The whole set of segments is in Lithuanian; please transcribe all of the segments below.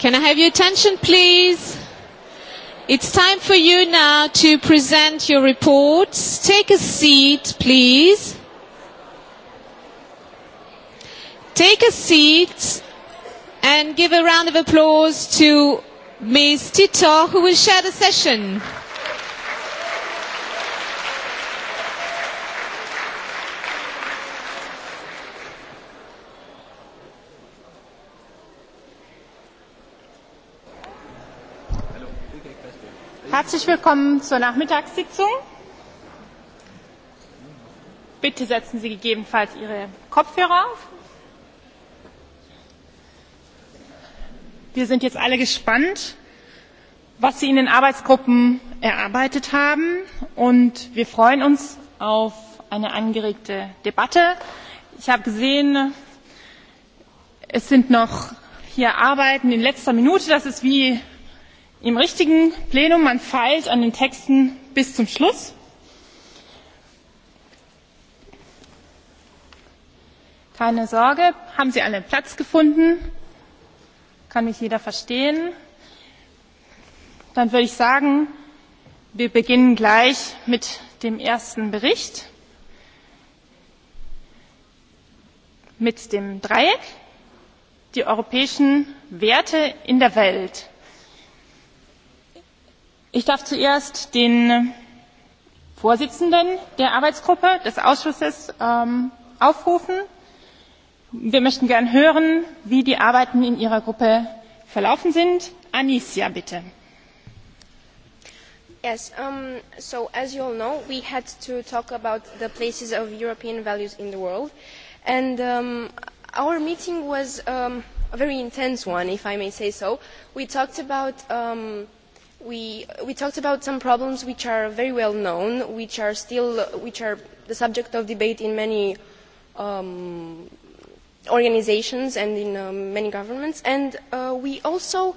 Can I have your attention, please? It's time for you now to present your reports. Take a seat, please. Take a seat and give a round of applause to Ms. Tito, who will share the session. Herzlich willkommen zur Nachmittagssitzung. Bitte setzen Sie gegebenenfalls Ihre Kopfhörer auf. Wir sind jetzt alle gespannt, was Sie in den Arbeitsgruppen erarbeitet haben. Und wir freuen uns auf eine angeregte Debatte. Ich habe gesehen, es sind noch hier Arbeiten in letzter Minute. Das ist wie im richtigen plenum man feilt an den texten bis zum schluss. keine sorge haben sie alle platz gefunden? kann mich jeder verstehen? dann würde ich sagen wir beginnen gleich mit dem ersten bericht mit dem dreieck die europäischen werte in der welt ich darf zuerst den vorsitzenden der arbeitsgruppe des ausschusses ähm, aufrufen. wir möchten gern hören wie die arbeiten in ihrer gruppe verlaufen sind. anicia bitte. Yes, um, so as you all know, we had to talk about the places of European values in the world, and um, our meeting was um, a very intense one, if I may say so. We talked about um, we, we talked about some problems which are very well known, which are still which are the subject of debate in many um, organizations and in um, many governments. And uh, we also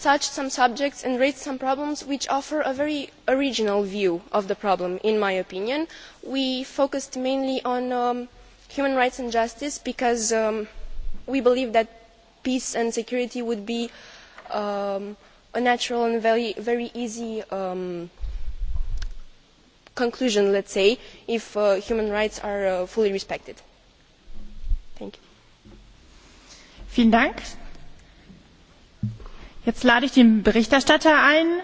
touched some subjects and raised some problems which offer a very original view of the problem, in my opinion. We focused mainly on um, human rights and justice because um, we believe that peace and security would be um, a natural and very, very easy um, conclusion, let's say, if uh, human rights are uh, fully respected. Thank you. Vielen Dank. Jetzt lade ich den Berichterstatter ein,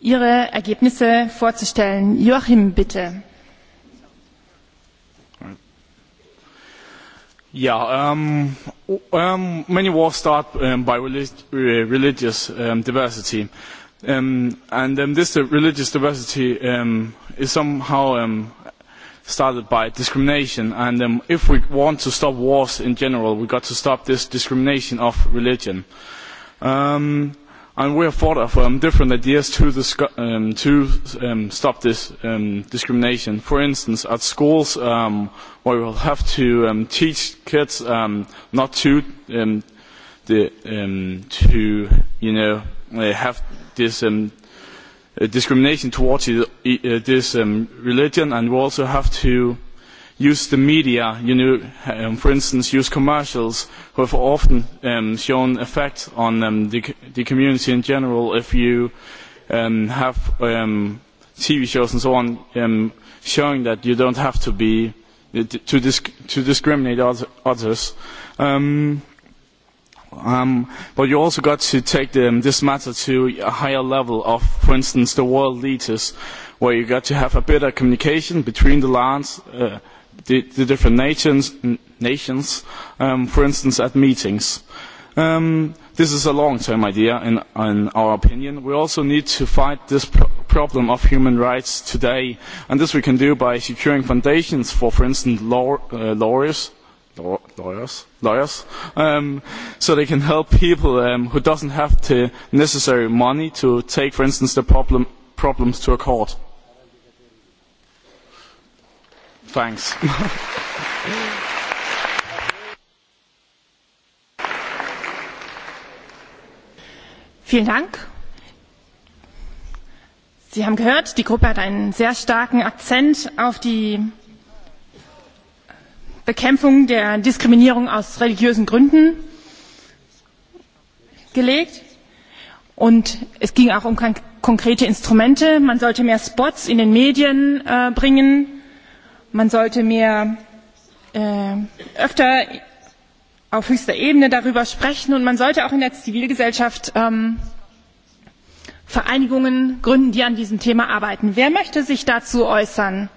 Ihre Ergebnisse vorzustellen. Joachim, bitte. Yeah, um, um, many wars start um, by relig uh, religious um, diversity, um, and um, this uh, religious diversity um, is somehow um, started by discrimination. And um, if we want to stop wars in general, we've got to stop this discrimination of religion. Um, and we have thought of um, different ideas to, this, um, to um, stop this um, discrimination. For instance, at schools, um, we will have to um, teach kids um, not to um, the, um, to you know uh, have this um, discrimination towards e, uh, this um, religion, and we also have to use the media, you know, um, for instance, use commercials, who have often um, shown effect on um, the, the community in general if you um, have um, TV shows and so on um, showing that you don't have to be uh, to, disc to discriminate other, others. Um, um, but you also got to take the, um, this matter to a higher level of, for instance, the world leaders, where you got to have a better communication between the lands, uh, the, the different nations, nations um, for instance, at meetings. Um, this is a long-term idea, in, in our opinion. We also need to fight this pro problem of human rights today, and this we can do by securing foundations for, for instance, law, uh, lawyers, law, lawyers, lawyers, um, so they can help people um, who doesn't have the necessary money to take, for instance, the problem, problems to a court. Thanks. Vielen Dank. Sie haben gehört, die Gruppe hat einen sehr starken Akzent auf die Bekämpfung der Diskriminierung aus religiösen Gründen gelegt. Und es ging auch um konkrete Instrumente. Man sollte mehr Spots in den Medien äh, bringen, man sollte mehr äh, öfter auf höchster Ebene darüber sprechen und man sollte auch in der Zivilgesellschaft ähm, Vereinigungen gründen, die an diesem Thema arbeiten. Wer möchte sich dazu äußern?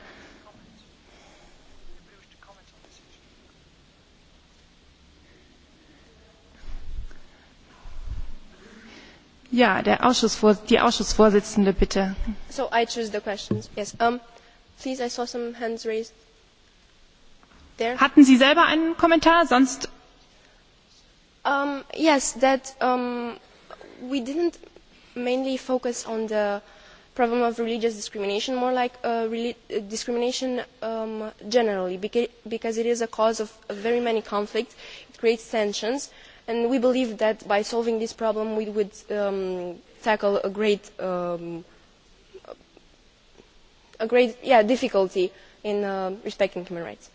Ja, der Ausschussvor die Ausschussvorsitzende bitte. So I choose the questions. Yes. Um, Please, I saw some hands raised. There. Hatten Sie selber einen Kommentar? Sonst. Um, yes, that um, we didn't mainly focus on the problem of religious discrimination, more like uh, reli- uh, discrimination um, generally, beca- because it is a cause of very many conflicts. It creates tensions, and we believe that by solving this problem, we would um, tackle a great um, a great yeah, difficulty in uh, respecting human rights.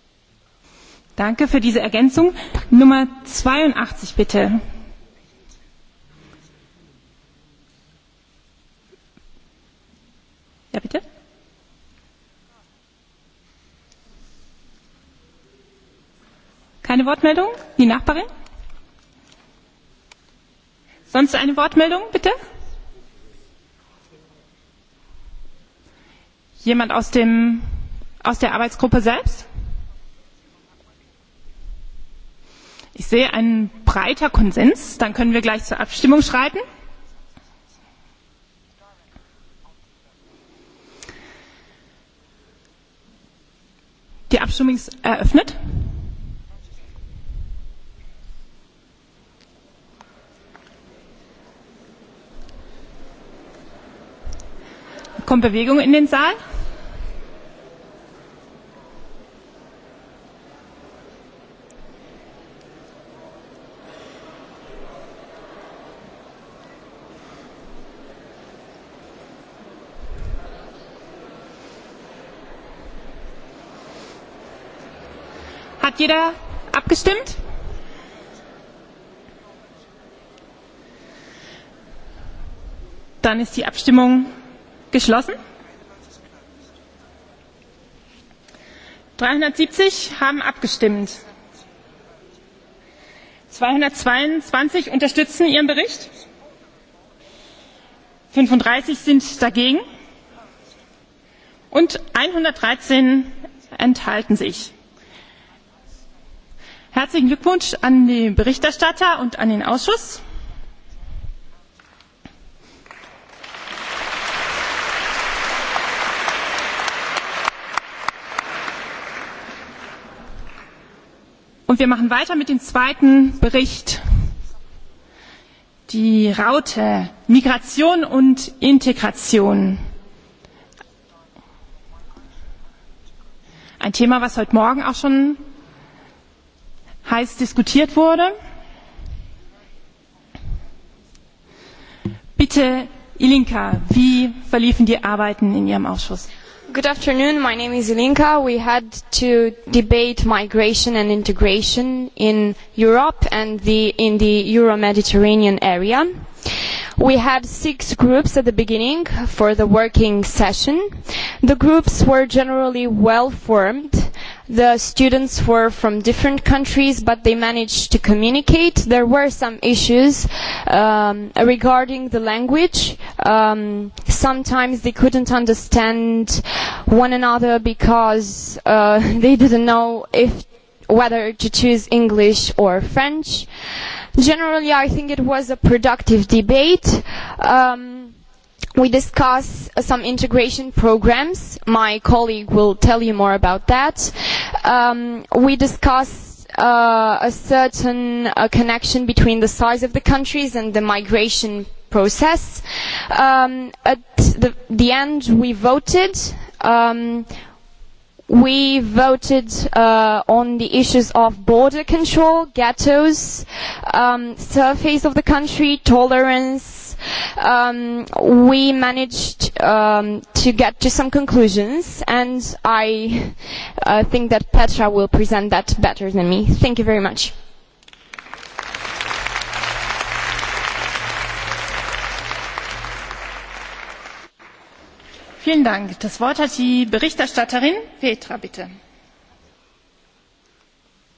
Danke für diese Ergänzung. Nummer 82 bitte. Ja, bitte. Keine Wortmeldung? Die Nachbarin? Sonst eine Wortmeldung, bitte? Jemand aus, dem, aus der Arbeitsgruppe selbst? Ich sehe einen breiter Konsens. Dann können wir gleich zur Abstimmung schreiten. Die Abstimmung ist eröffnet. Kommt Bewegung in den Saal? jeder abgestimmt? Dann ist die Abstimmung geschlossen. 370 haben abgestimmt. 222 unterstützen Ihren Bericht. 35 sind dagegen und 113 enthalten sich herzlichen glückwunsch an den berichterstatter und an den ausschuss! Und wir machen weiter mit dem zweiten Bericht. Die Raute Migration und Integration. Ein Thema, was heute Morgen auch schon heiß diskutiert wurde. Bitte, Ilinka, wie verliefen die Arbeiten in Ihrem Ausschuss? Good afternoon, my name is Ilinka. We had to debate migration and integration in Europe and the, in the Euro-Mediterranean area. We had six groups at the beginning for the working session. The groups were generally well formed The students were from different countries, but they managed to communicate. There were some issues um, regarding the language. Um, sometimes they couldn't understand one another because uh, they didn't know if whether to choose English or French. Generally, I think it was a productive debate. Um, we discuss uh, some integration programs. My colleague will tell you more about that. Um, we discuss uh, a certain uh, connection between the size of the countries and the migration process. Um, at the, the end, we voted. Um, we voted uh, on the issues of border control, ghettos, um, surface of the country, tolerance, um, we managed um, to get to some conclusions, and I uh, think that Petra will present that better than me. Thank you very much. Vielen Dank. Das Wort hat die Berichterstatterin Petra, bitte.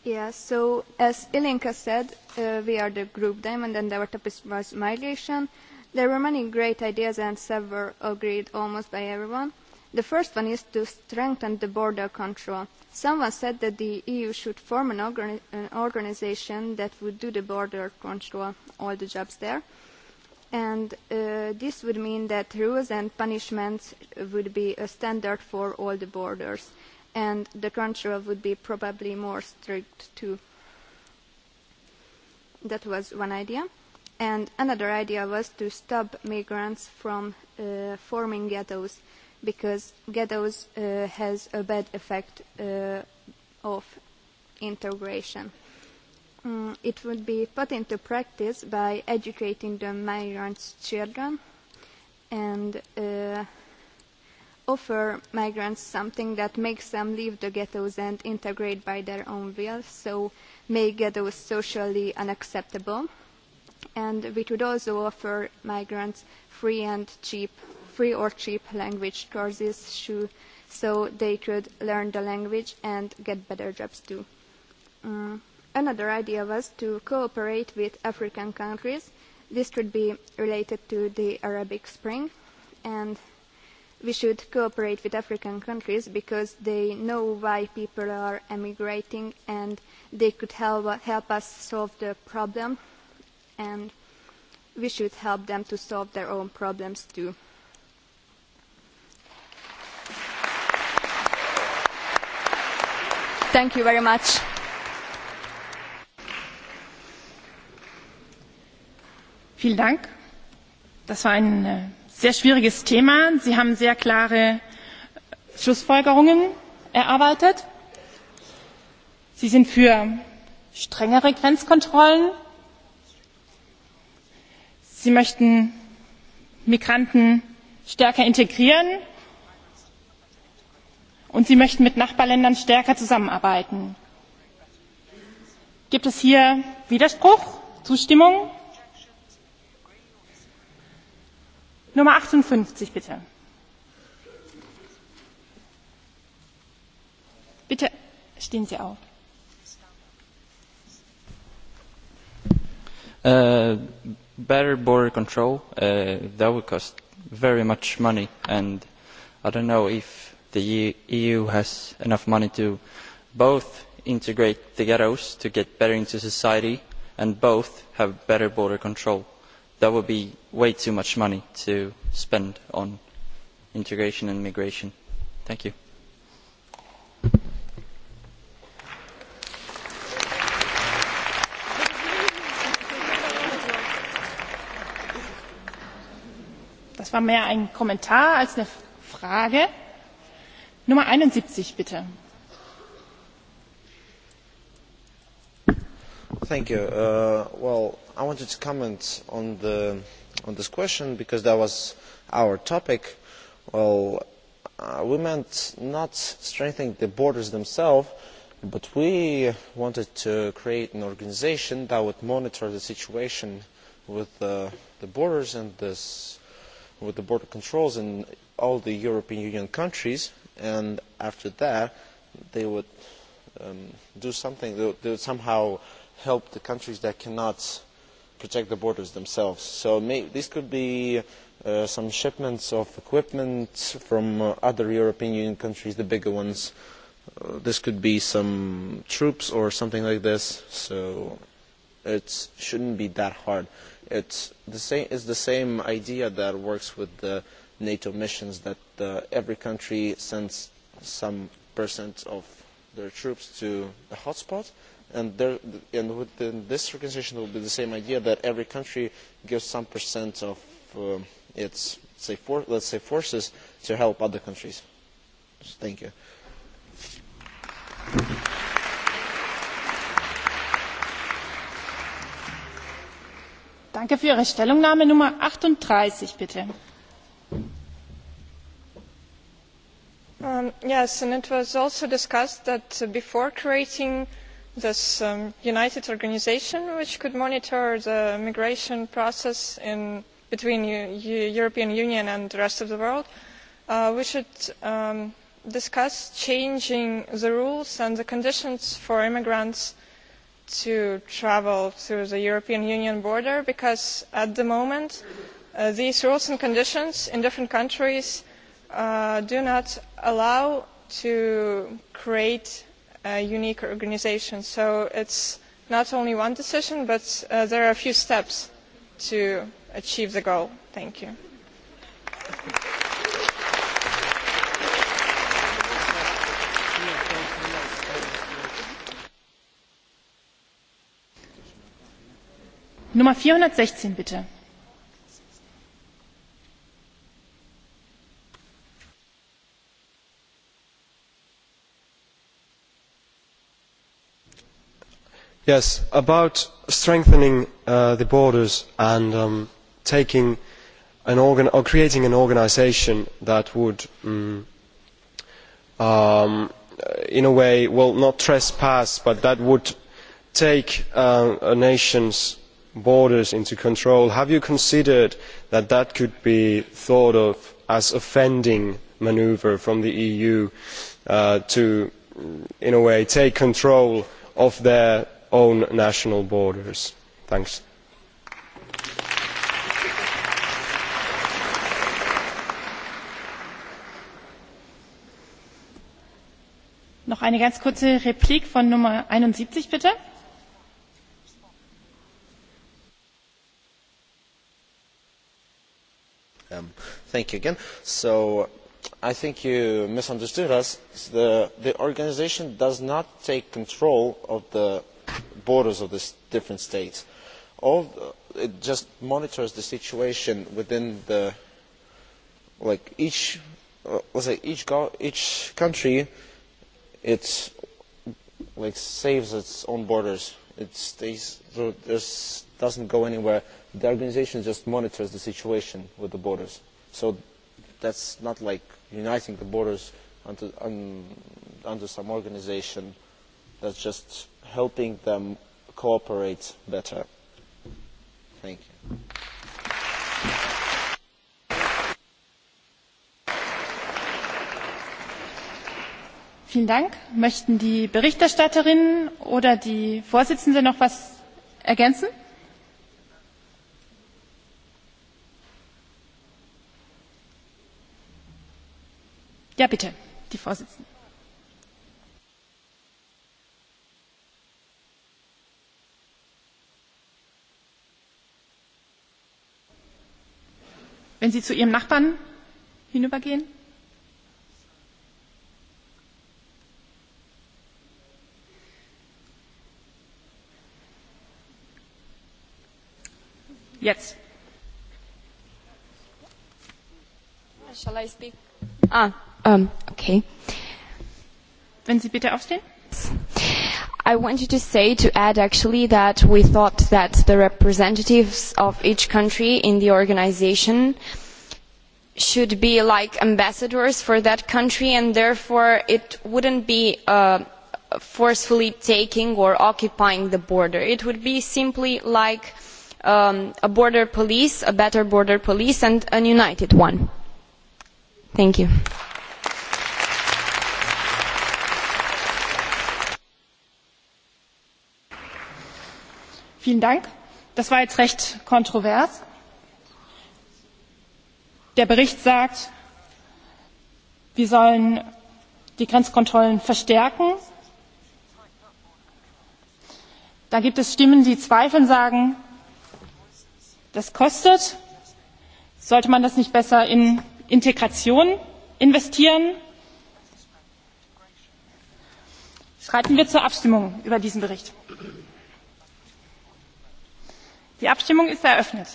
Yeah, so as Ilinka said, uh, we are the group Diamond and our topic was migration. Uh, There were many great ideas and several agreed almost by everyone. The first one is to strengthen the border control. Someone said that the EU should form an, organi- an organization that would do the border control, all the jobs there. And uh, this would mean that rules and punishments would be a standard for all the borders. And the control would be probably more strict too. That was one idea. And another idea was to stop migrants from uh, forming ghettos, because ghettos uh, has a bad effect uh, of integration. Um, it would be put into practice by educating the migrants' children and uh, offer migrants something that makes them leave the ghettos and integrate by their own will, so make ghettos socially unacceptable and we could also offer migrants free and cheap, free or cheap language courses to, so they could learn the language and get better jobs too. Um, another idea was to cooperate with African countries. This could be related to the Arabic Spring, and we should cooperate with African countries because they know why people are emigrating and they could help, help us solve the problem and we should help them to solve their own problems too. Thank you very much. Vielen Dank. Das war ein äh, sehr schwieriges Thema. Sie haben sehr klare äh, Schlussfolgerungen erarbeitet. Sie sind für strengere Grenzkontrollen, sie möchten migranten stärker integrieren und sie möchten mit nachbarländern stärker zusammenarbeiten. gibt es hier widerspruch zustimmung? nummer achtundfünfzig bitte. bitte stehen sie auf. Uh, better border control uh, that would cost very much money and i don't know if the eu e has enough money to both integrate the ghettos to get better into society and both have better border control. that would be way too much money to spend on integration and migration. thank you. das war mehr ein kommentar als eine frage. nummer einundsiebzig bitte. Thank you. Uh, well, I wanted to comment on the on this question because that was our topic. Well, uh, we meant not strengthening the borders themselves, but we wanted to create an organization that would monitor the situation with uh, the borders and this with the border controls in all the european union countries and after that they would um, do something they would, they would somehow help the countries that cannot protect the borders themselves so may, this could be uh, some shipments of equipment from uh, other european union countries the bigger ones uh, this could be some troops or something like this so it shouldn't be that hard uh, It's the same, it's the same idea that works with the NATO missions that uh, every country sends some percent of their troops to a hotspot, and, there, and within this organization there will be the same idea that every country gives some percent of uh, its, say, for, let's say, forces to help other countries. Thank you. Danke für Ihre Stellungnahme Nummer 38, bitte. Um, yes, and it was also discussed that before creating this um, united organization, which could monitor the migration process in, between the European Union and the rest of the world, uh, we should um, discuss changing the rules and the conditions for immigrants to travel to the european union border because at the moment uh, these rules and conditions in different countries uh, do not allow to create a unique organisation so it is not only one decision but uh, there are a few steps to achieve the goal. thank you. nummer vierhundertsechzehn bitte. yes about strengthening uh, the borders and um, taking an organ or creating an organisation that would um, um, in a way well not trespass but that would take uh, a nation's borders into control have you considered that that could be thought of as a fending manoeuvre from the eu uh, to in a way take control of their own national borders? Thanks. noch eine ganz kurze replik von nummer einundsiebzig bitte. Um, thank you again. So I think you misunderstood us. The, the organization does not take control of the borders of the different states. All, it just monitors the situation within the, like each, uh, let's say each, go each country, it like saves its own borders. It stays, so there's, doesn't go anywhere the organisation just monitors the situation with the borders. So that's not like uniting the borders under, un, under some organisation. That's just helping them cooperate better. Thank you. Vielen Dank. Möchten die Berichterstatterinnen oder die Vorsitzende noch was ergänzen? Ja, bitte, die Vorsitzende. Wenn Sie zu Ihrem Nachbarn hinübergehen. Jetzt. Shall I speak? Ah, Um, okay. Wenn Sie bitte aufstehen. I wanted to say to add actually that we thought that the representatives of each country in the organization should be like ambassadors for that country and therefore it wouldn't be uh, forcefully taking or occupying the border. It would be simply like um, a border police, a better border police and a united one. Thank you. Vielen Dank. Das war jetzt recht kontrovers. Der Bericht sagt, wir sollen die Grenzkontrollen verstärken. Da gibt es Stimmen, die zweifeln, sagen, das kostet. Sollte man das nicht besser in Integration investieren? Schreiten wir zur Abstimmung über diesen Bericht die abstimmung ist eröffnet.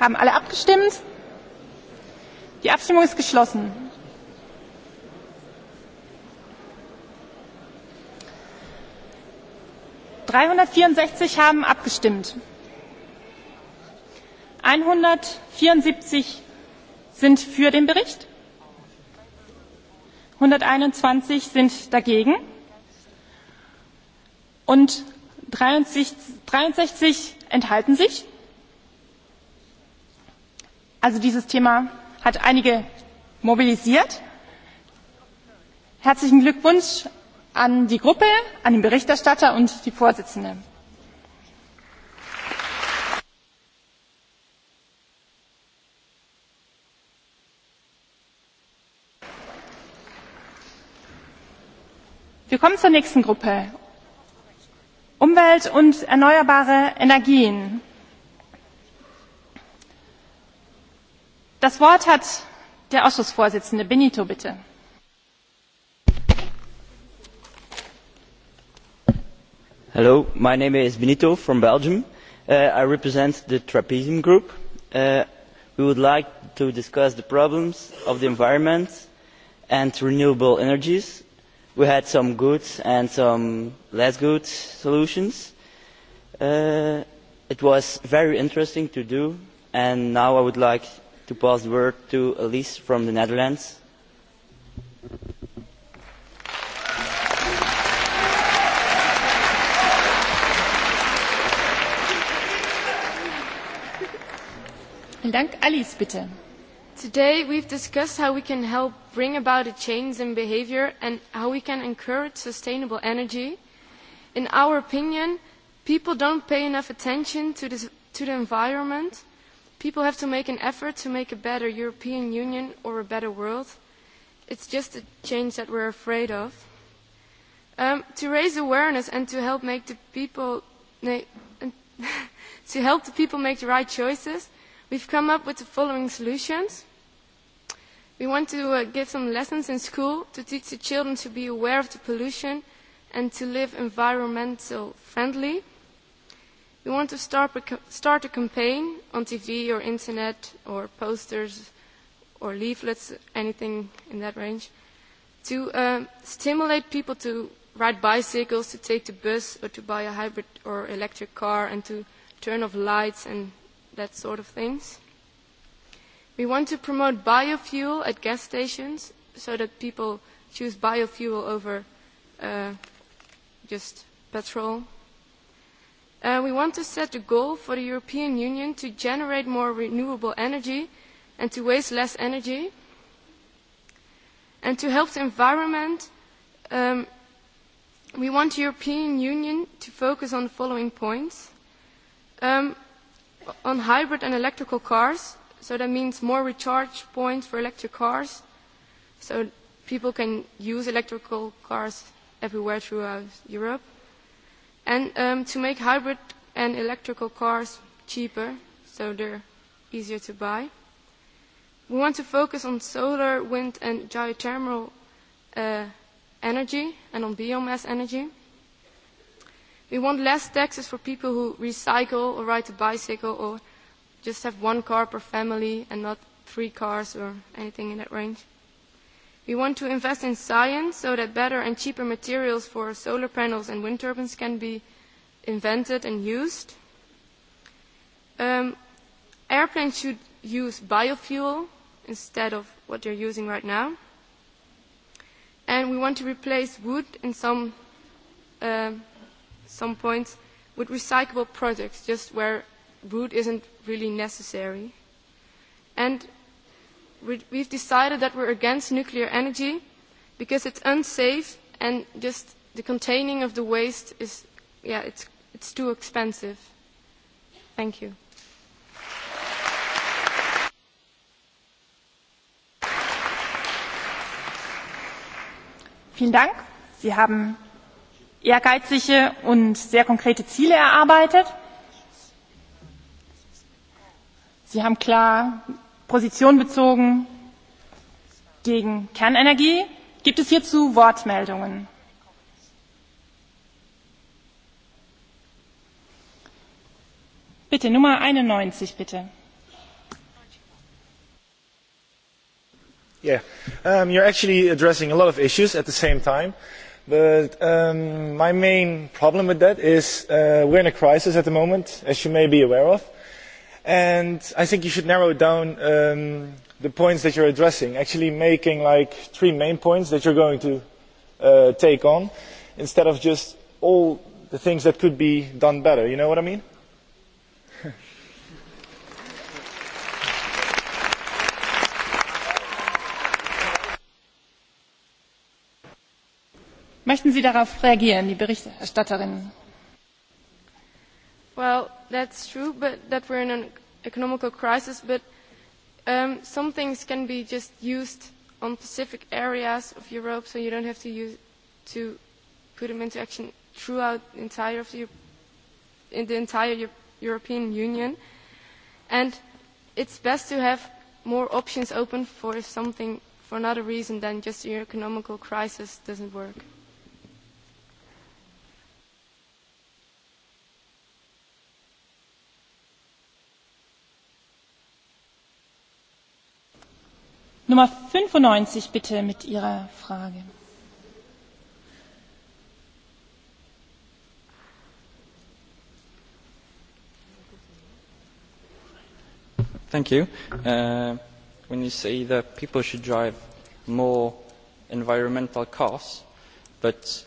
haben alle abgestimmt? die abstimmung ist geschlossen. dreihundertvierundsechzig haben abgestimmt einhundertvierundsiebzig sind für den bericht einhunderteinundzwanzig sind dagegen und dreiundsechzig enthalten sich. also dieses thema hat einige mobilisiert. herzlichen glückwunsch an die gruppe an den berichterstatter und die vorsitzende. wir kommen zur nächsten gruppe umwelt und erneuerbare energien. das wort hat der ausschussvorsitzende benito bitte. hello my name is benito from belgium. Uh, i represent the trapezium group. Uh, we would like to discuss the problems of the environment and renewable energies we had some good and some less good solutions. Uh, it was very interesting to do and now i would like to pass the word to elise from the netherlands. Dank, Alice, bitte. Today we've discussed how we can help bring about a change in behavior and how we can encourage sustainable energy. In our opinion, people don't pay enough attention to, this, to the environment. People have to make an effort to make a better European Union or a better world. It's just a change that we're afraid of. Um, to raise awareness and to help make the people to help the people make the right choices, we've come up with the following solutions. We want to uh, give some lessons in school to teach the children to be aware of the pollution and to live environmental friendly. We want to start a, start a campaign on TV or internet or posters or leaflets, anything in that range, to uh, stimulate people to ride bicycles, to take the bus or to buy a hybrid or electric car and to turn off lights and that sort of things. We want to promote biofuel at gas stations so that people choose biofuel over uh, just petrol. Uh, we want to set a goal for the European Union to generate more renewable energy and to waste less energy and to help the environment um, we want the European Union to focus on the following points um, on hybrid and electrical cars So that means more recharge points for electric cars. So people can use electrical cars everywhere throughout Europe. And um, to make hybrid and electrical cars cheaper, so they're easier to buy. We want to focus on solar, wind and geothermal uh, energy and on biomass energy. We want less taxes for people who recycle or ride a bicycle or just have one car per family and not three cars or anything in that range. We want to invest in science so that better and cheaper materials for solar panels and wind turbines can be invented and used. Um, airplanes should use biofuel instead of what they're using right now. And we want to replace wood in some, uh, some points with recyclable products, just where route isn't really necessary. And we've decided that we're against nuclear energy because it's unsafe and just the containing of the waste is, yeah, it's, it's too expensive. Thank you. Vielen Dank. Sie haben ehrgeizige und sehr konkrete Ziele erarbeitet sie haben klar position bezogen gegen kernenergie. gibt es hierzu wortmeldungen? bitte nummer einundneunzig bitte. Yeah. Um, you're actually addressing a lot of issues at the same time, but um, my main problem with that is uh, we're in a crisis at the moment, as you may be aware of and i think you should narrow down um, the points that you are addressing actually making like three main points that you are going to uh, take on instead of just all the things that could be done better you know what i mean? möchten sie darauf reagieren die berichterstatterin? Well, that's true, but that we're in an economical crisis, but um, some things can be just used on specific areas of Europe, so you don't have to use to put them into action throughout the entire of the, in the entire Euro European Union. And it's best to have more options open for if something, for another reason than just your economical crisis doesn't work. nummer fünfundneunzig bitte mit ihrer frage. thank you. Uh, when you say that people should drive more environmental cars, but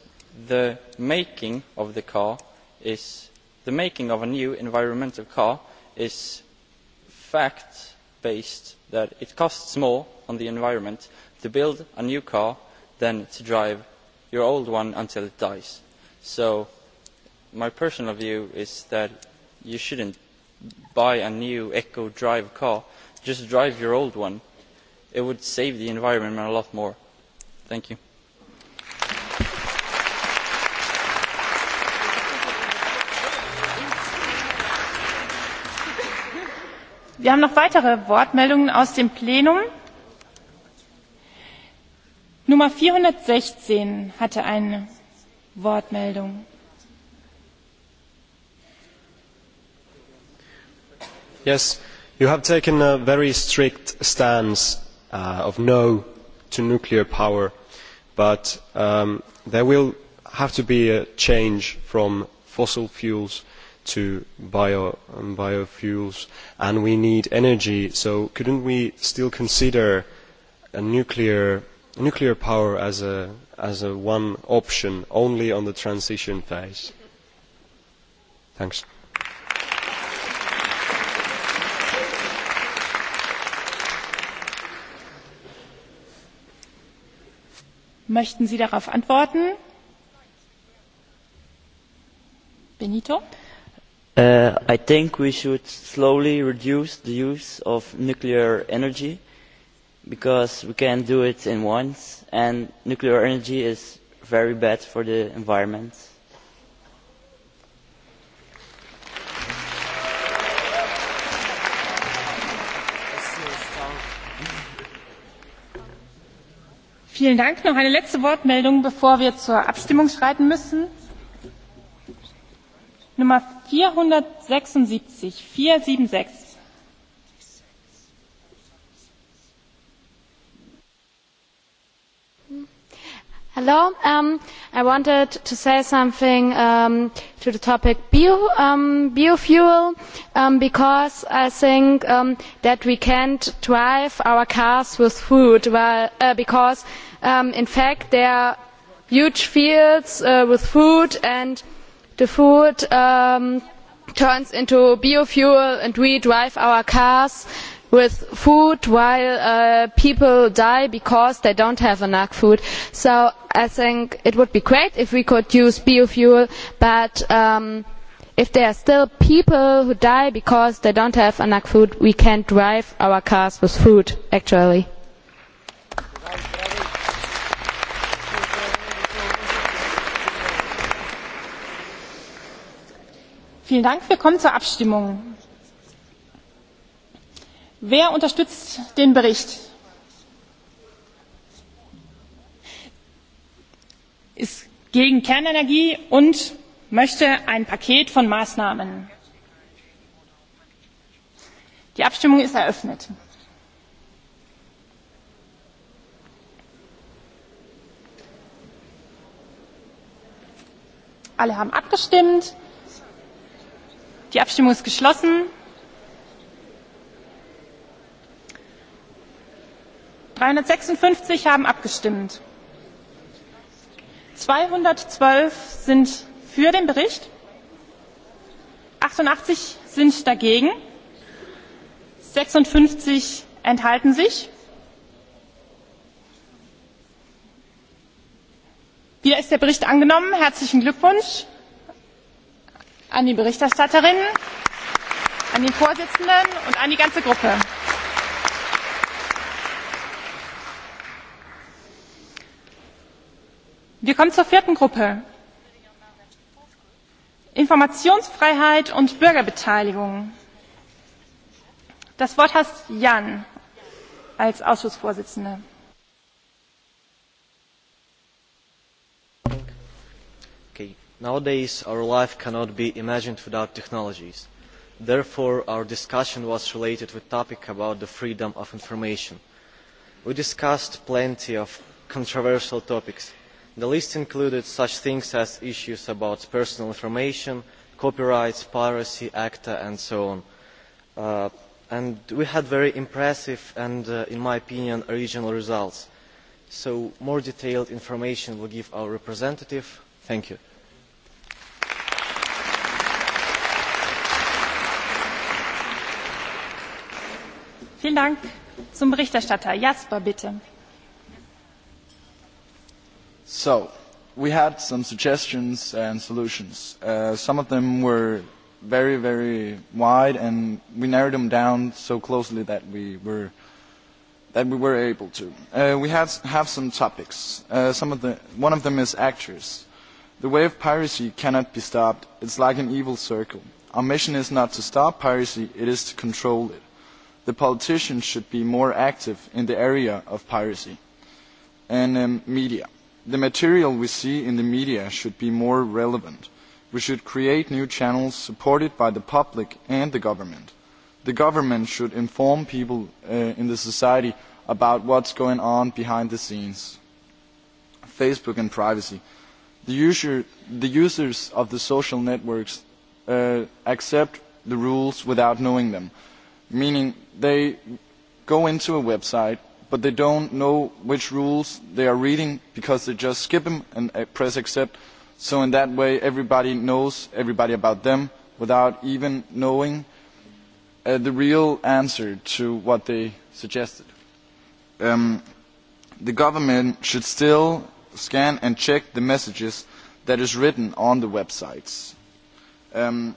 the making of the car is the making of a new environmental car is fact based that it costs more on the environment to build a new car than to drive your old one until it dies. so my personal view is that you should not buy a new eco drive car just drive your old one. it would save the environment a lot more. thank you. wir haben noch weitere wortmeldungen aus dem plenum. Nummer 416 hatte eine Wortmeldung. Yes, you have taken a very strict stance uh, of no to nuclear power, but um, there will have to be a change from fossil fuels to bio, um, biofuels, and we need energy. So couldn't we still consider a nuclear nuclear power as a as a one option only on the transition phase. Thanks. Möchten Sie darauf antworten? Benito? Uh, I think we should slowly reduce the use of nuclear energy because we can do it at once and nuclear energy is very bad for the environment. Vielen Dank. Noch eine letzte Wortmeldung, bevor wir zur Abstimmung schreiten müssen. Nummer 476, 476. Hello. Um, I wanted to say something um, to the topic bio, um, biofuel um, because I think um, that we can't drive our cars with food well, uh, because, um, in fact, there are huge fields uh, with food and the food um, turns into biofuel and we drive our cars. Uh, with food while uh, people die because they don't have enough food. So I think it would be great if we could use biofuel, but um, if there are still people who die because they don't have enough food, we can't drive our cars with food, actually. Vielen Dank. Wir kommen zur Abstimmung wer unterstützt den bericht? ist gegen kernenergie und möchte ein paket von maßnahmen. die abstimmung ist eröffnet. alle haben abgestimmt. die abstimmung ist geschlossen. dreihundertsechsundfünfzig haben abgestimmt zweihundertzwölf sind für den bericht achtundachtzig sind dagegen sechsundfünfzig enthalten sich. wieder ist der bericht angenommen. herzlichen glückwunsch an die berichterstatterin an den vorsitzenden und an die ganze gruppe! wir kommen zur vierten gruppe informationsfreiheit und bürgerbeteiligung. das wort hat jan als ausschussvorsitzender. Okay. nowadays our life cannot be imagined without technologies. therefore our discussion was related with the topic about the freedom of information. we discussed plenty of controversial topics the list included such things as issues about personal information copyrights piracy acta and so on. Uh, and we had very impressive and uh, in my opinion original results. so more detailed information will give our representative. thank you. Vielen Dank zum Berichterstatter. Jasper, bitte. So, we had some suggestions and solutions. Uh, some of them were very, very wide, and we narrowed them down so closely that we were that we were able to. Uh, we had, have some topics. Uh, some of the, one of them is actors. The way of piracy cannot be stopped. It's like an evil circle. Our mission is not to stop piracy, it is to control it. The politicians should be more active in the area of piracy. And um, media the material we see in the media should be more relevant. we should create new channels supported by the public and the government. the government should inform people uh, in the society about what is going on behind the scenes. facebook and privacy. the, user, the users of the social networks uh, accept the rules without knowing them meaning they go into a website but they don't know which rules they are reading because they just skip them and uh, press accept. So in that way, everybody knows everybody about them without even knowing uh, the real answer to what they suggested. Um, the government should still scan and check the messages that is written on the websites. Um,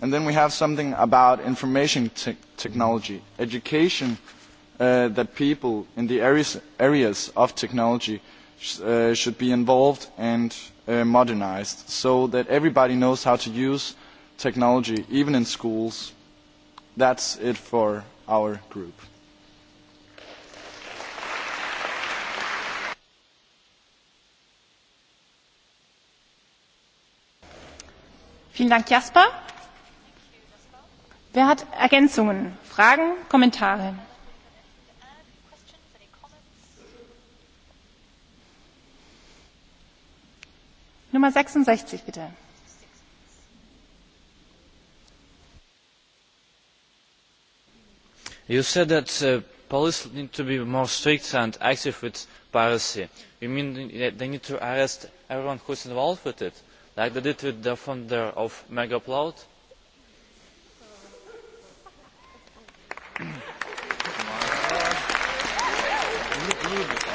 and then we have something about information te technology. Education uh, that people in the areas, areas of technology sh uh, should be involved and uh, modernized so that everybody knows how to use technology, even in schools. That's it for our group. Vielen Dank, Jasper. Wer hat Ergänzungen, Fragen, Kommentare? Nummer 66, bitte. You said that uh, police need to be more strict and active with piracy. You mean they need to arrest everyone who is involved with it, like they did with the founder of Megaplot? Need, need.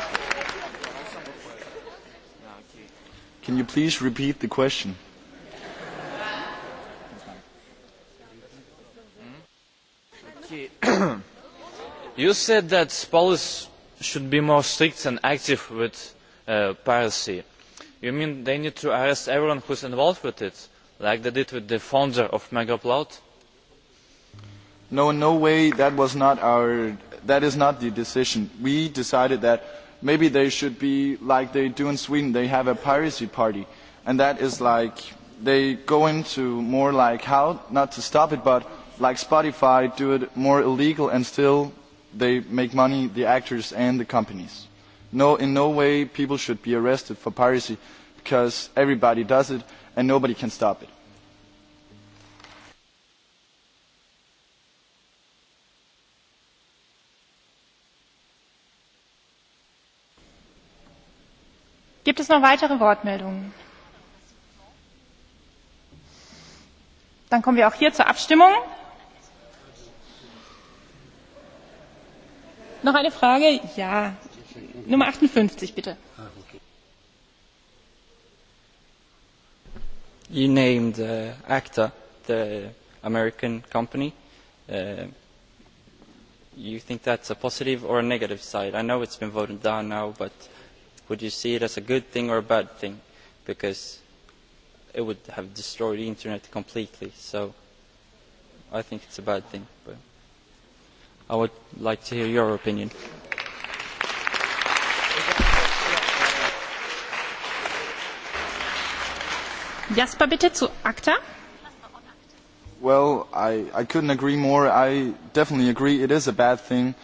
Can you please repeat the question? you said that police should be more strict and active with uh, piracy. You mean they need to arrest everyone who's involved with it, like they did with the founder of Megaplot? No, in no way. That was not our. That is not the decision. We decided that maybe they should be like they do in Sweden. They have a piracy party, and that is like they go into more like how not to stop it, but like Spotify, do it more illegal, and still they make money, the actors and the companies. No, in no way people should be arrested for piracy, because everybody does it, and nobody can stop it. Gibt es noch weitere Wortmeldungen? Dann kommen wir auch hier zur Abstimmung. Noch eine Frage? Ja. Nummer 58, bitte. You named uh, ACTA, the American company. Uh, you think that's a positive or a negative side? I know it's been voted down now, but uh, would you see it as a good thing or a bad thing because it would have destroyed the internet completely so i think it is a bad thing but i would like to hear your opinion. Jasper, bitte zu ACTA. Well, I, I couldn't agree more. I definitely agree it is a bad thing.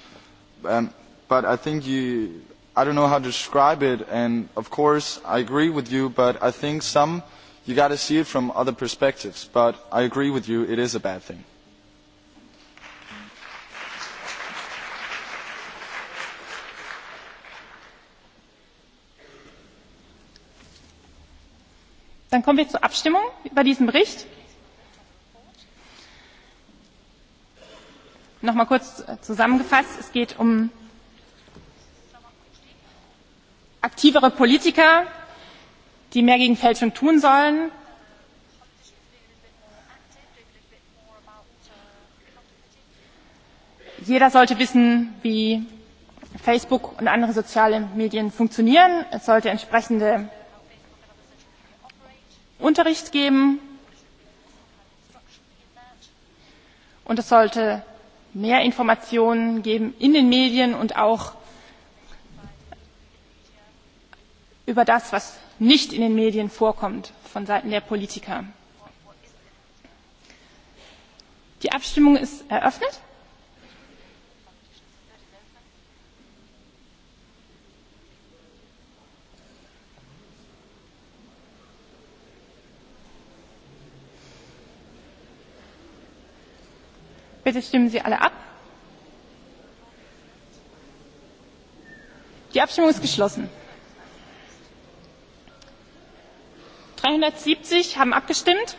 Um, but I think you, I don't know how to describe it, and of course I agree with you, but I think some you got to see it from other perspectives. But I agree with you, it is a bad thing. Dann kommen wir zur Abstimmung über diesen Bericht. Nochmal kurz äh, zusammengefasst. Es geht um aktivere Politiker, die mehr gegen Fälschung tun sollen. Jeder sollte wissen, wie Facebook und andere soziale Medien funktionieren. Es sollte entsprechende Unterricht geben. Und es sollte mehr Informationen geben in den Medien und auch über das was nicht in den medien vorkommt von seiten der politiker. die abstimmung ist eröffnet. bitte stimmen sie alle ab. die abstimmung ist geschlossen. dreihundertsiebzig haben abgestimmt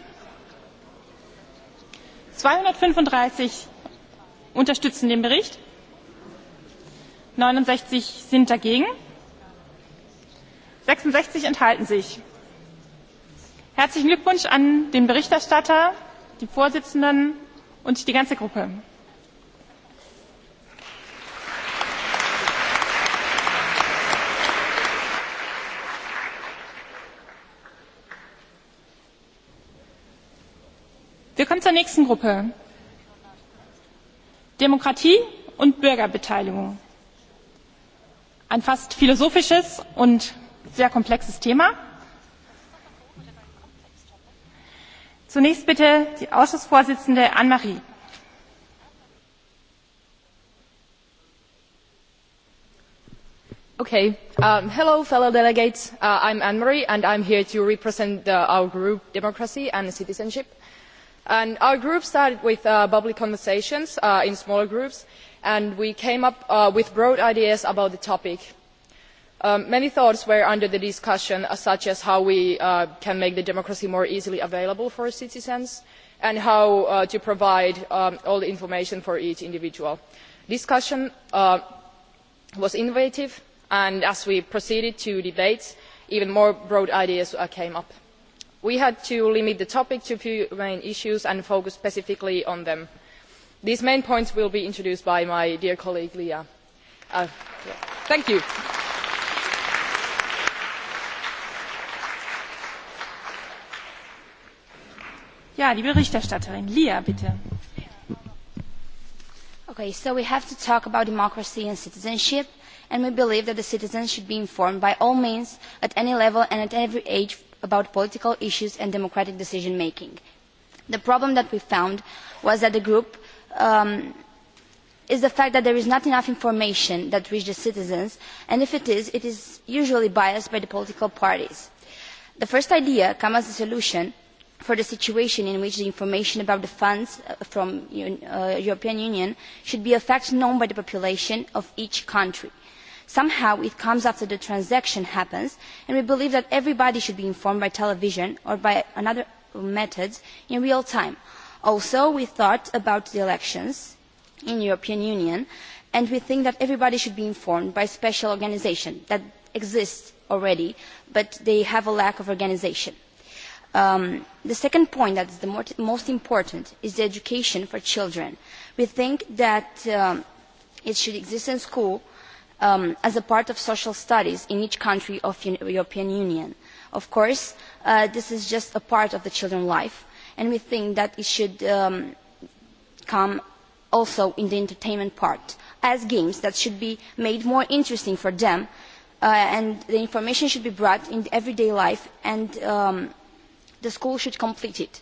zweihundertfünfunddreißig unterstützen den bericht neunundsechzig sind dagegen sechsundsechzig enthalten sich. herzlichen glückwunsch an den berichterstatter die vorsitzenden und die ganze gruppe! zur nächsten gruppe demokratie und bürgerbeteiligung ein fast philosophisches und sehr komplexes thema. zunächst bitte die ausschussvorsitzende anne marie. Okay. Um, hello fellow delegates uh, i'm anne marie and i'm here to represent the, our group democracy and citizenship And our group started with uh, public conversations uh, in smaller groups, and we came up uh, with broad ideas about the topic. Um, many thoughts were under the discussion, uh, such as how we uh, can make the democracy more easily available for citizens, and how uh, to provide um, all the information for each individual. Discussion uh, was innovative, and as we proceeded to debates, even more broad ideas uh, came up we had to limit the topic to a few main issues and focus specifically on them. these main points will be introduced by my dear colleague leah. Uh, yeah. thank you. Ja, die Berichterstatterin Lia, bitte. Okay, so we have to talk about democracy and citizenship, and we believe that the citizens should be informed by all means, at any level and at every age, about political issues and democratic decision making. the problem that we found was that the group um, is the fact that there is not enough information that reaches the citizens and if it is it is usually biased by the political parties. the first idea came as a solution for the situation in which the information about the funds uh, from the uh, european union should be a fact known by the population of each country somehow it comes after the transaction happens and we believe that everybody should be informed by television or by another method in real time. also we thought about the elections in the european union and we think that everybody should be informed by special organisations that exist already but they have a lack of organisation. Um, the second point that is the more, most important is the education for children. We think that um, it should exist in school um, as a part of social studies in each country of the European Union. Of course, uh, this is just a part of the children's life, and we think that it should um, come also in the entertainment part, as games that should be made more interesting for them, uh, and the information should be brought in everyday life, and um, the school should complete it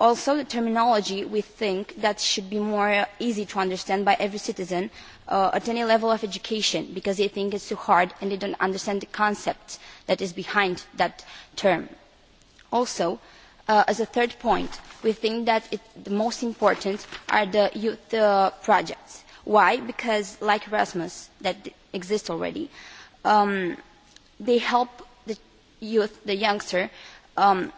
also the terminology we think that should be more easy to understand by every citizen uh, at any level of education because they think it's too hard and they don't understand the concept that is behind that term. Also, uh, as a third point, we think that it, the most important are the youth uh, projects. Why? Because like Erasmus, that exists already, um, they help the youth, the youngster, um,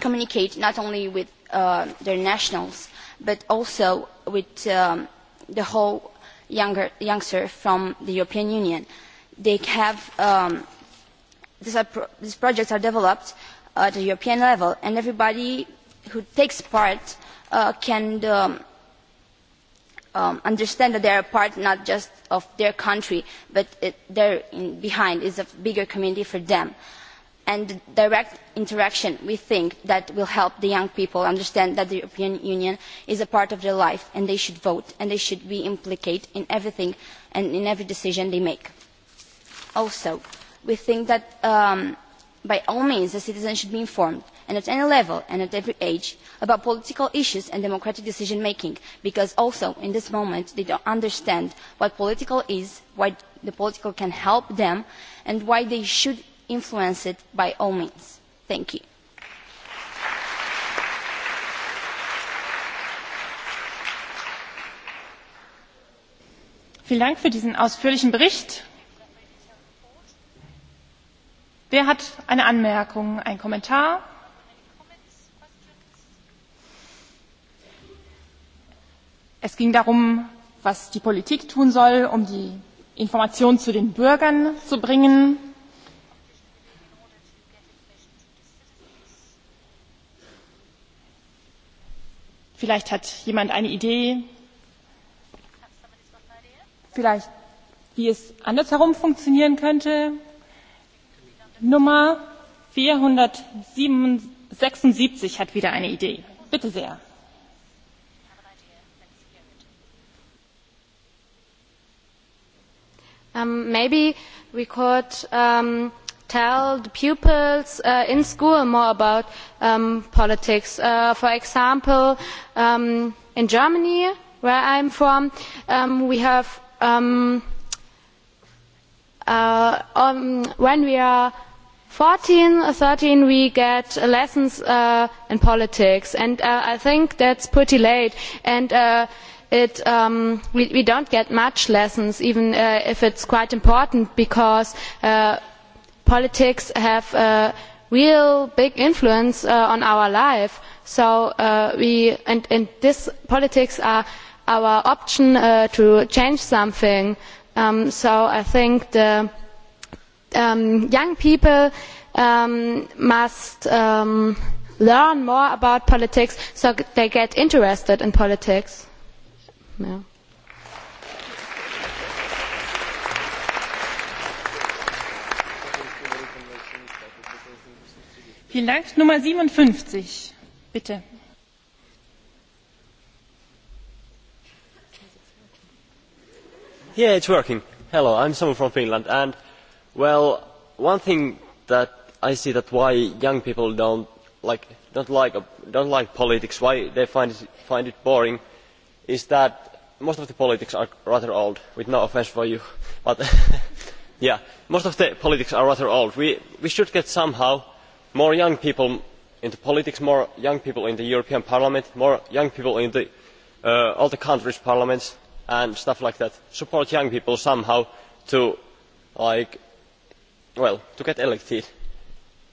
communicate not only with uh, their nationals, but also with um, the whole younger, youngster from the European Union. They have um, these, are uh, pro these projects are developed uh, at the European level, and everybody who takes part uh, can um, um, understand that they are a part not just of their country, but it, they're in behind is a bigger community for them. Uh, and direct interaction we think will help young people understand that the european union is a part of their life and they should vote and they should be implicated in everything and in every decision they make. also we think that um, by all means the citizens should be informed and at any level and at every age about political issues and democratic decision making because also in this moment they do not understand what politics is why politics can help them and why they should influence it by all means. Thank you. Vielen Dank für diesen ausführlichen Bericht. Wer hat eine Anmerkung, einen Kommentar? Es ging darum, was die Politik tun soll, um die Informationen zu den Bürgern zu bringen. vielleicht hat jemand eine idee vielleicht wie es andersherum funktionieren könnte. nummer vierhundertsechsundsiebzig hat wieder eine idee. bitte sehr. Um, maybe we could um, tell the pupils uh, in school more about um, politics. Uh, for example, um, in Germany, where I'm from, um, we have um, uh, um, when we are 14 or 13 we get uh, lessons uh, in politics and uh, I think that's pretty late and uh, it, um, we, we don't get much lessons even uh, if it's quite important because uh, politics have a real big influence uh, on our life. So uh, we and, and this politics are our option uh, to change something. Um, so I think the um, young people um, must um, learn more about politics so they get interested in politics. Yeah. Vielen Dank. Nummer 57, bitte. Yeah, it's working. Hello, I'm someone from Finland, and well, one thing that I see that why young people don't like don't like don't like politics, why they find it, find it boring, is that most of the politics are rather old. With no offense for you, but yeah, most of the politics are rather old. We we should get somehow more young people into politics more young people in the european parliament more young people in uh, all the countries' parliaments and stuff like that support young people somehow to like well to get elected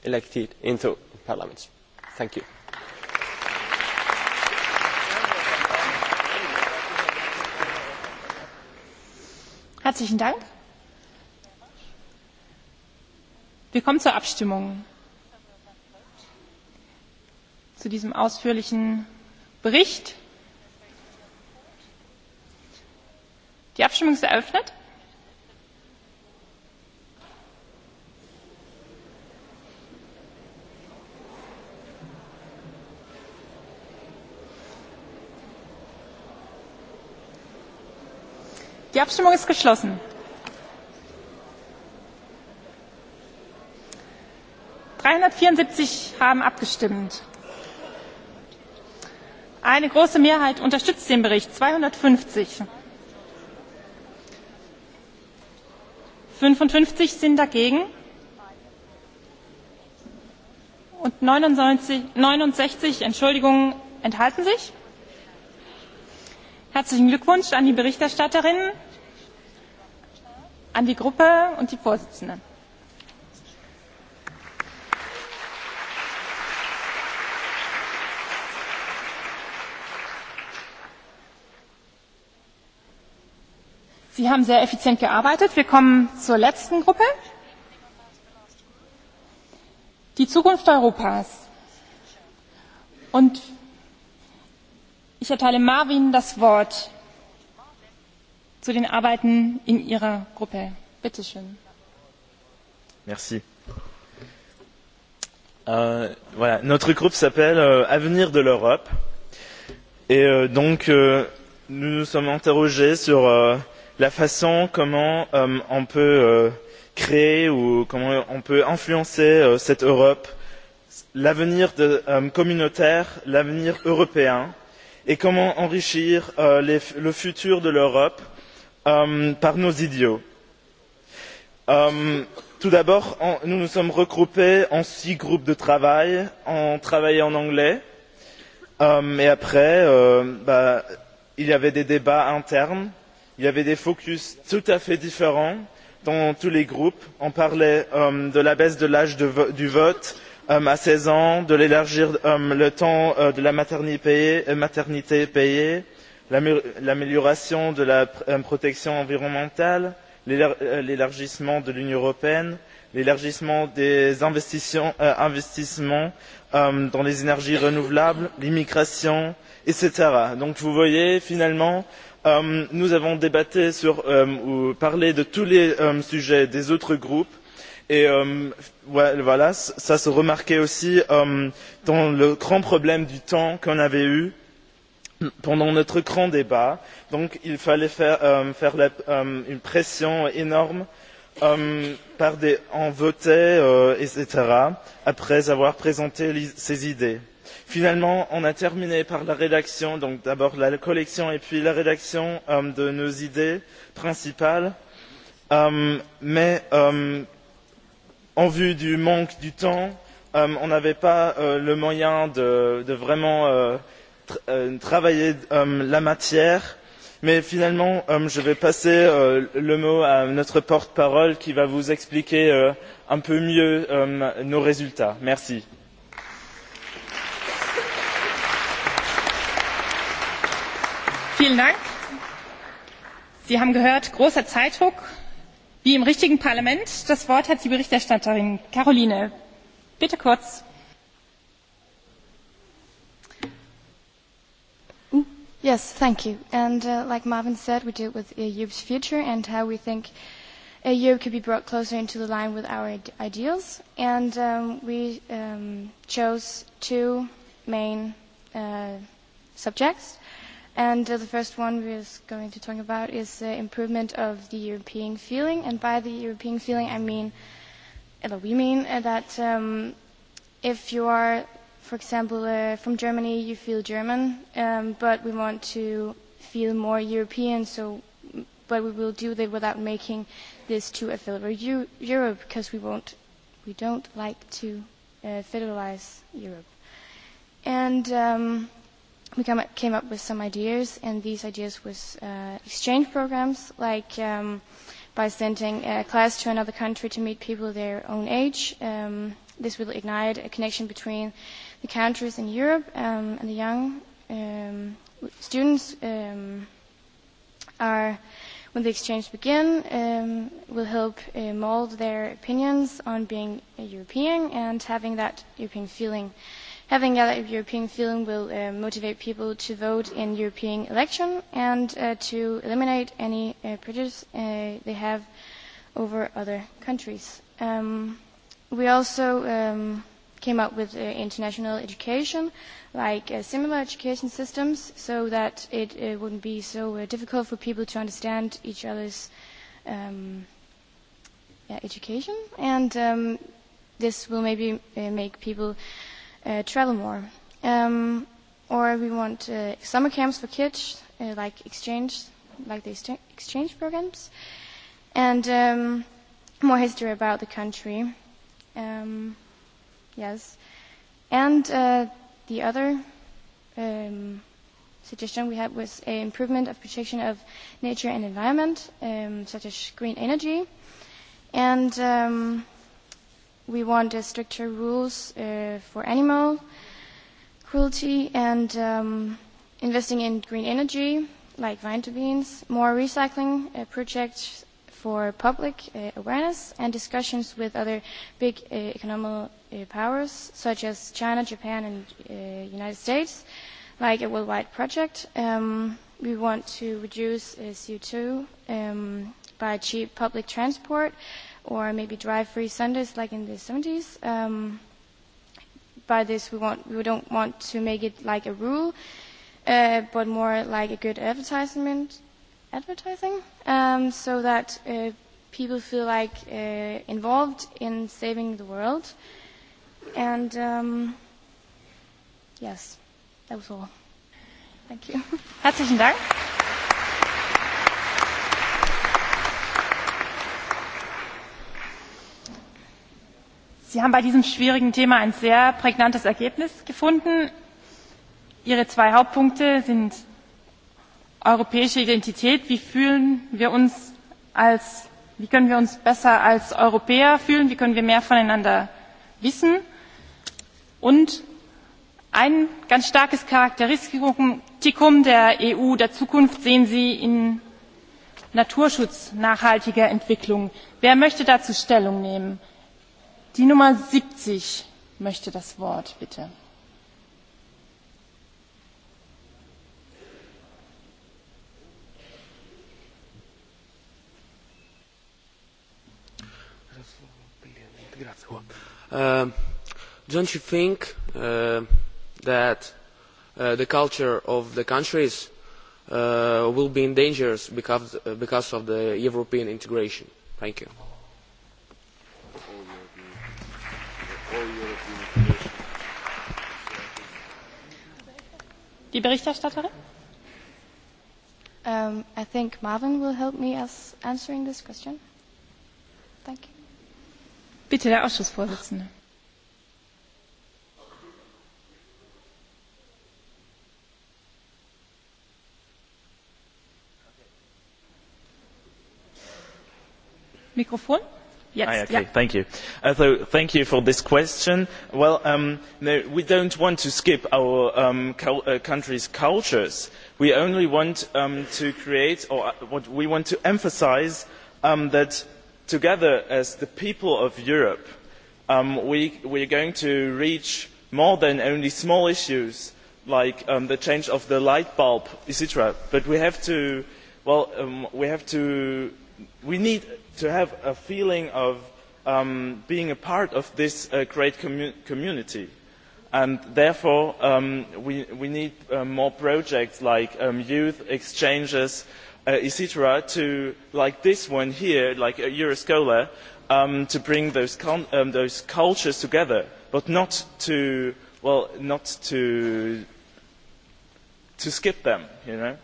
elected into parliaments. thank you. Herzlichen Dank. Wir kommen zur Abstimmung zu diesem ausführlichen bericht. die abstimmung ist eröffnet. die abstimmung ist geschlossen. dreihundertvierundsiebzig haben abgestimmt eine große mehrheit unterstützt den bericht zweihundertfünfzig fünfundfünfzig sind dagegen und neunundsechzig enthalten sich. herzlichen glückwunsch an die berichterstatterin an die gruppe und die vorsitzende. Sie haben sehr effizient gearbeitet. Wir kommen zur letzten Gruppe. Die Zukunft Europas. Und ich erteile Marvin das Wort zu den Arbeiten in Ihrer Gruppe. Bitte schön. Merci. Euh, voilà, notre groupe s'appelle euh, Avenir de l'Europe. Et euh, donc, euh, nous nous sommes interrogés sur euh, la façon dont euh, on peut euh, créer ou comment on peut influencer euh, cette europe l'avenir communautaire l'avenir européen et comment enrichir le futur de l'europe par nos idiots. tout d'abord nous nous sommes regroupés en six groupes de travail on travaillait en anglais et après il y avait des débats internes il y avait des focus tout à fait différents dans tous les groupes on parlait euh, de la baisse de l'âge du vote euh, à seize ans de l'élargissement euh, du temps de la maternité payée l'amélioration de la protection environnementale l'élargissement de l'union européenne l'élargissement des investissements dans les énergies renouvelables l'immigration etc. donc vous voyez finalement euh, nous avons débattu sur, euh, ou parlé de tous les euh, sujets des autres groupes et euh, ouais, voilà, ça se remarquait aussi euh, dans le grand problème du temps qu'on avait eu pendant notre grand débat. Donc il fallait faire, euh, faire la, euh, une pression énorme euh, par des, en voter, euh, etc. après avoir présenté les, ses idées finalement on a terminé par la rédaction donc d'abord la collection et puis la rédaction euh, de nos idées principales euh, mais euh, en vue du manque du temps euh, on n'avait pas euh, le moyen de, de vraiment euh, tra travailler la matière mais finalement je vais passer le mot à notre porte parole qui va vous expliquer un peu mieux nos résultats. merci. Vielen Dank. Sie haben gehört, großer Zeitdruck. Wie im richtigen Parlament, das Wort hat die Berichterstatterin Caroline. Bitte kurz. Mm, yes, thank you. And uh, like Marvin said, we deal with EU's future and how we think EU could be brought closer into the line with our ideals. And um, we um, chose two main uh, subjects. And uh, the first one we're going to talk about is the improvement of the European feeling. And by the European feeling, I mean, uh, we mean uh, that um, if you are, for example, uh, from Germany, you feel German, um, but we want to feel more European, so mm, but we will do that without making this too a federal U- Europe because we won't, we don't like to uh, federalize Europe. And um, we come, came up with some ideas, and these ideas was uh, exchange programs, like um, by sending a class to another country to meet people their own age. Um, this will ignite a connection between the countries in Europe um, and the young um, students um, are, when the exchange begin, um, will help uh, mold their opinions on being a European and having that European feeling. Uh, Having a European feeling will uh, motivate people to vote in European election and uh, to eliminate any uh, prejudice uh, they have over other countries. Um, we also um, came up with uh, international education, like uh, similar education systems, so that it, it uh, wouldn't be so uh, difficult for people to understand each other's um, yeah, education. And um, this will maybe uh, make people uh, uh, travel more. Um, or we want uh, summer camps for kids, uh, like exchange, like the ex- exchange programs, and um, more history about the country. Um, yes, and uh, the other um, suggestion we had was an improvement of protection of nature and environment, um, such as green energy, and um, we want uh, stricter rules uh, for animal cruelty and um, investing in green energy like vine to beans, more recycling uh, projects for public uh, awareness and discussions with other big uh, economic uh, powers such as China, Japan and uh, United States, like a worldwide project. Um, we want to reduce uh, CO2 um, by cheap public transport. Uh, or maybe drive-free Sundays like in the 70s. Um, by this, we, want, we don't want to make it like a rule, uh, but more like a good advertisement, advertising, um, so that uh, people feel like uh, involved in saving the world. And um, yes, that was all. Thank you. Herzlichen Dank. sie haben bei diesem schwierigen thema ein sehr prägnantes ergebnis gefunden. ihre zwei hauptpunkte sind europäische identität wie können wir uns besser als europäer fühlen wie können wir mehr voneinander wissen und ein ganz starkes charakteristikum der eu der zukunft sehen sie in naturschutz nachhaltiger entwicklung. wer möchte dazu stellung nehmen? die nummer siebzig möchte das wort bitte. Uh, don't you think uh, that uh, the culture of the countries uh, will be in danger because, uh, because of the European integration? Thank you. Die Berichterstatterin? Um, I think Marvin will help me as answering this question. Thank you. Bitte, der Ausschussvorsitzende. Mikrofon? Yes, Hi, okay, yeah. thank you. Uh, so, thank you for this question. Well, um, no, we don't want to skip our um, cul uh, country's cultures. We only want um, to create, or uh, what we want to emphasize, um, that together as the people of Europe, um, we, we are going to reach more than only small issues like um, the change of the light bulb, etc. But we have to, well, um, we have to we need to have a feeling of um, being a part of this uh, great commu community. And therefore, um, we, we need uh, more projects like um, youth exchanges, uh, etc., to like this one here, like uh, Euroscola, um, to bring those, con um, those cultures together, but not to, well, not to, to skip them, you know.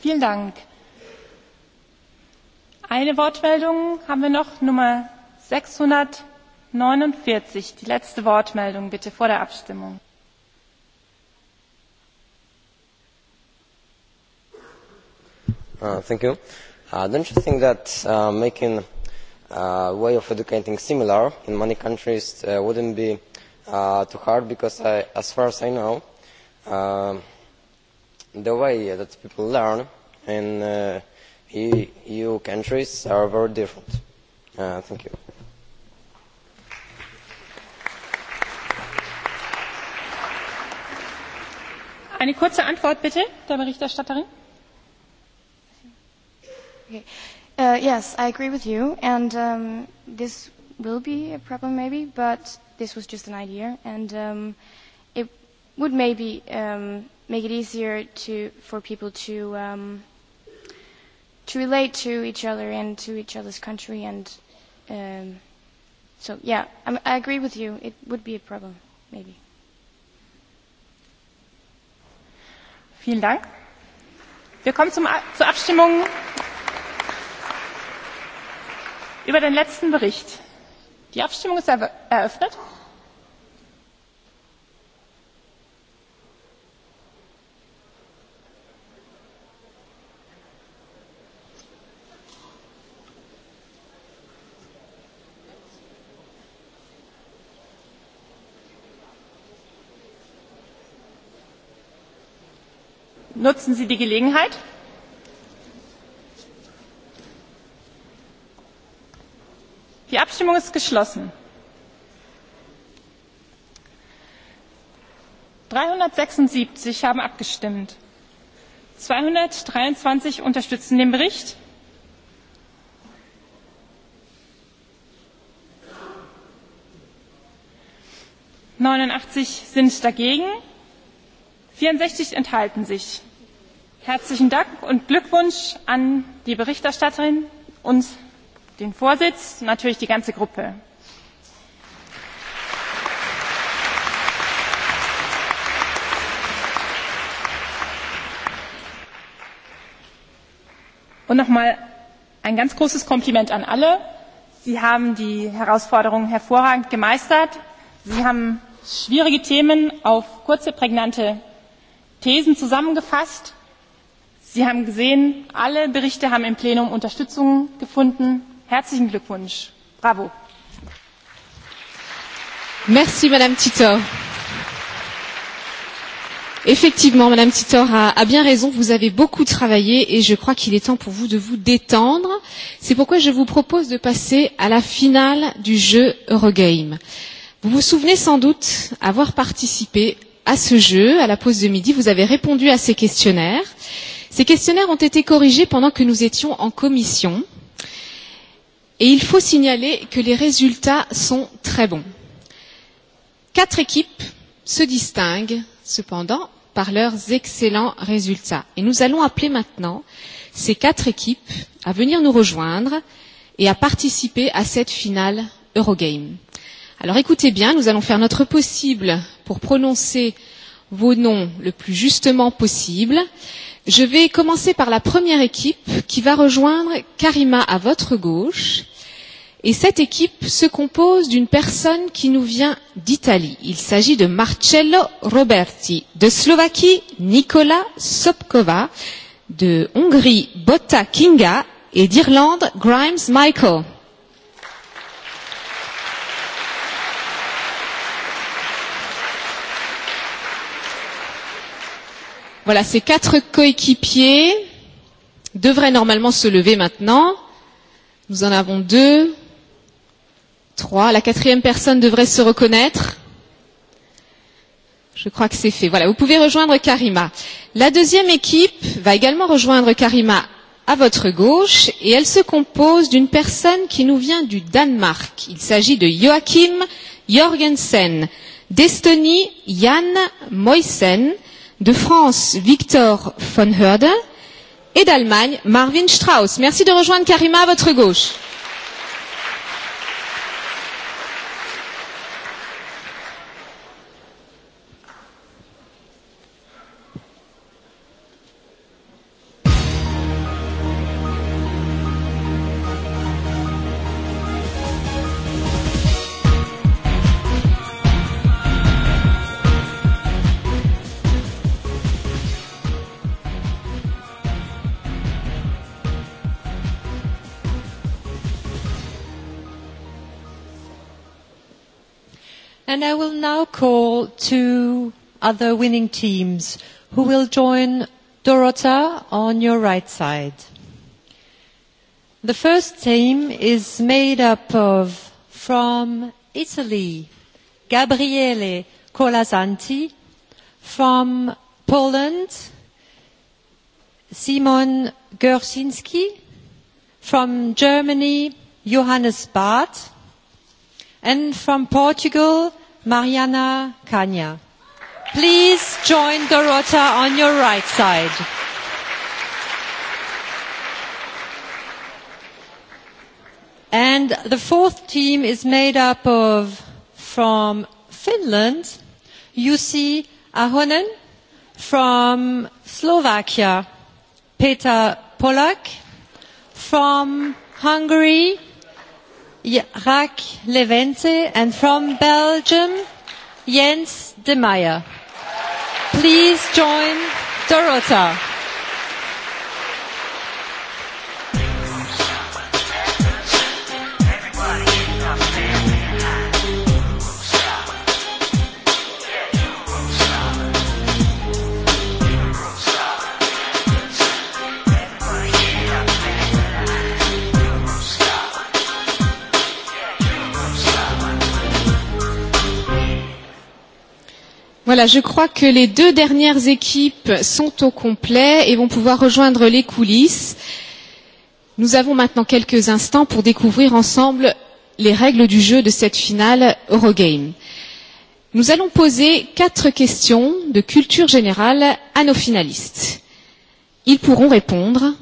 Vielen Dank. Eine Wortmeldung haben wir noch, Nummer 649. Die letzte Wortmeldung bitte vor der Abstimmung. Uh, thank you. Uh, don't you think that uh, making a uh, way of educating similar in many countries uh, wouldn't be uh, too hard? Because I, as far as I know, uh, the way that people learn in uh, EU e countries are very different. Uh, thank you. Eine kurze Antwort bitte der Berichterstatterin. Okay. Uh, yes, I agree with you, and um, this will be a problem maybe, but this was just an idea, and um, it would maybe um, make it easier to for people to um, to relate to each other and to each other's country and um, so yeah I'm, I agree with you it would be a problem maybe vielen Dank wir kommen zum, zur Abstimmung über den letzten Bericht die Abstimmung ist eröffnet nutzen sie die gelegenheit die abstimmung ist geschlossen. dreihundertsechsundsiebzig haben abgestimmt zweihundertdreiundzwanzig unterstützen den bericht neunundachtzig sind dagegen vierundsechzig enthalten sich. herzlichen dank und glückwunsch an die berichterstatterin und den vorsitz natürlich die ganze gruppe. und nochmal ein ganz großes kompliment an alle sie haben die herausforderung hervorragend gemeistert. sie haben schwierige themen auf kurze prägnante thesen zusammengefasst sie haben gesehen alle berichte haben im plenum unterstützung gefunden. herzlichen glückwunsch! bravo! merci madame titor. effectivement madame titor a, a bien raison vous avez beaucoup travaillé et je crois qu'il est temps pour vous de vous détendre. c'est pourquoi je vous propose de passer à la finale du jeu eurogame. vous vous souvenez sans doute avoir participé à ce jeu, à la pause de midi. Vous avez répondu à ces questionnaires. Ces questionnaires ont été corrigés pendant que nous étions en commission. Et il faut signaler que les résultats sont très bons. Quatre équipes se distinguent cependant par leurs excellents résultats. Et nous allons appeler maintenant ces quatre équipes à venir nous rejoindre et à participer à cette finale Eurogame. Alors écoutez bien, nous allons faire notre possible pour prononcer vos noms le plus justement possible. Je vais commencer par la première équipe qui va rejoindre Karima à votre gauche. Et cette équipe se compose d'une personne qui nous vient d'Italie. Il s'agit de Marcello Roberti, de Slovaquie, Nicola Sopkova, de Hongrie, Botta Kinga et d'Irlande, Grimes Michael. Voilà, ces quatre coéquipiers devraient normalement se lever maintenant. Nous en avons deux, trois. La quatrième personne devrait se reconnaître. Je crois que c'est fait. Voilà, vous pouvez rejoindre Karima. La deuxième équipe va également rejoindre Karima à votre gauche et elle se compose d'une personne qui nous vient du Danemark. Il s'agit de Joachim Jorgensen, d'Estonie Jan Moisen, de France, Victor von Hörde, et d'Allemagne, Marvin Strauss. Merci de rejoindre Karima à votre gauche. And I will now call two other winning teams who will join Dorota on your right side. The first team is made up of, from Italy, Gabriele Colasanti, from Poland, Simon Gersinski, from Germany, Johannes Barth, and from Portugal, Mariana Cagna. Please join Dorota on your right side. And the fourth team is made up of, from Finland, Jussi Ahonen, from Slovakia, Peter Polak, from Hungary, Jacques Levente, and from Belgium, Jens de Meyer. Please join Dorota. Voilà, je crois que les deux dernières équipes sont au complet et vont pouvoir rejoindre les coulisses. Nous avons maintenant quelques instants pour découvrir ensemble les règles du jeu de cette finale Eurogame. Nous allons poser quatre questions de culture générale à nos finalistes. Ils pourront répondre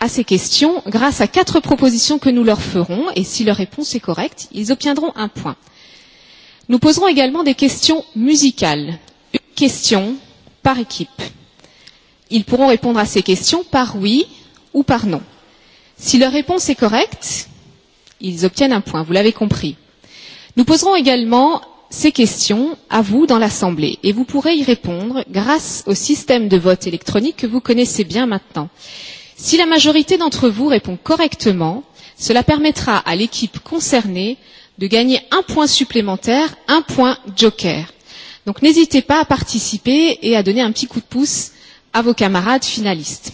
à ces questions grâce à quatre propositions que nous leur ferons et si leur réponse est correcte, ils obtiendront un point. Nous poserons également des questions musicales questions par équipe. Ils pourront répondre à ces questions par oui ou par non. Si leur réponse est correcte, ils obtiennent un point, vous l'avez compris. Nous poserons également ces questions à vous dans l'Assemblée et vous pourrez y répondre grâce au système de vote électronique que vous connaissez bien maintenant. Si la majorité d'entre vous répond correctement, cela permettra à l'équipe concernée de gagner un point supplémentaire, un point joker. Donc n'hésitez pas à participer et à donner un petit coup de pouce à vos camarades finalistes.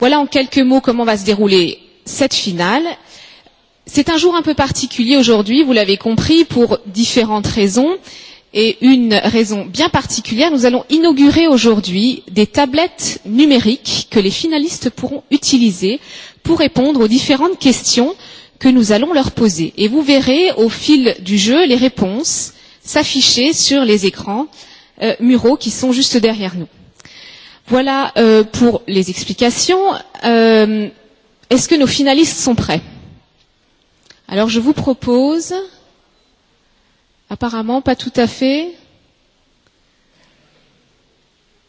Voilà en quelques mots comment va se dérouler cette finale. C'est un jour un peu particulier aujourd'hui, vous l'avez compris, pour différentes raisons. Et une raison bien particulière, nous allons inaugurer aujourd'hui des tablettes numériques que les finalistes pourront utiliser pour répondre aux différentes questions que nous allons leur poser. Et vous verrez au fil du jeu les réponses s'afficher sur les écrans euh, muraux qui sont juste derrière nous. Voilà euh, pour les explications. Euh, Est-ce que nos finalistes sont prêts Alors je vous propose, apparemment pas tout à fait,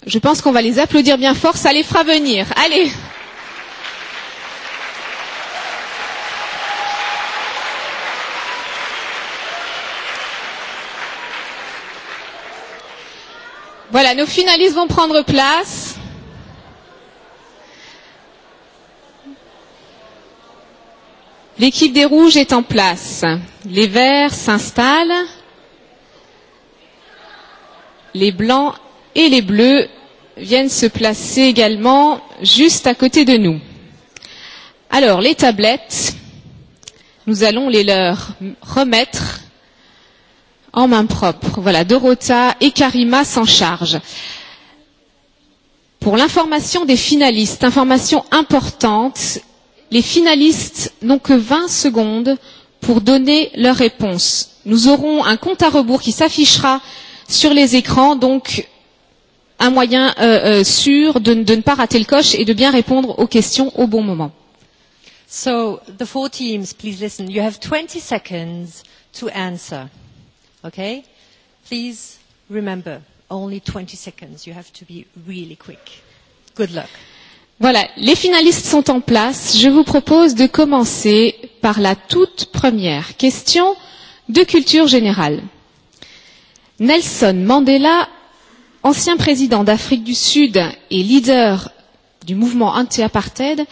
je pense qu'on va les applaudir bien fort, ça les fera venir. Allez Voilà, nos finalistes vont prendre place. L'équipe des rouges est en place. Les verts s'installent. Les blancs et les bleus viennent se placer également juste à côté de nous. Alors, les tablettes, nous allons les leur remettre en main propre. Voilà, Dorota et Karima s'en chargent. Pour l'information des finalistes, information importante, les finalistes n'ont que 20 secondes pour donner leur réponse. Nous aurons un compte à rebours qui s'affichera sur les écrans, donc un moyen euh, euh, sûr de, de ne pas rater le coche et de bien répondre aux questions au bon moment. So, the four teams, please listen. You have 20 seconds to answer. Okay? Please remember, only 20 seconds. You have to be really quick. Good luck. Voilà, les finalistes sont en place. Je vous propose de commencer par la toute première question de culture générale. Nelson Mandela, ancien président d'Afrique du Sud et leader du mouvement anti-apartheid,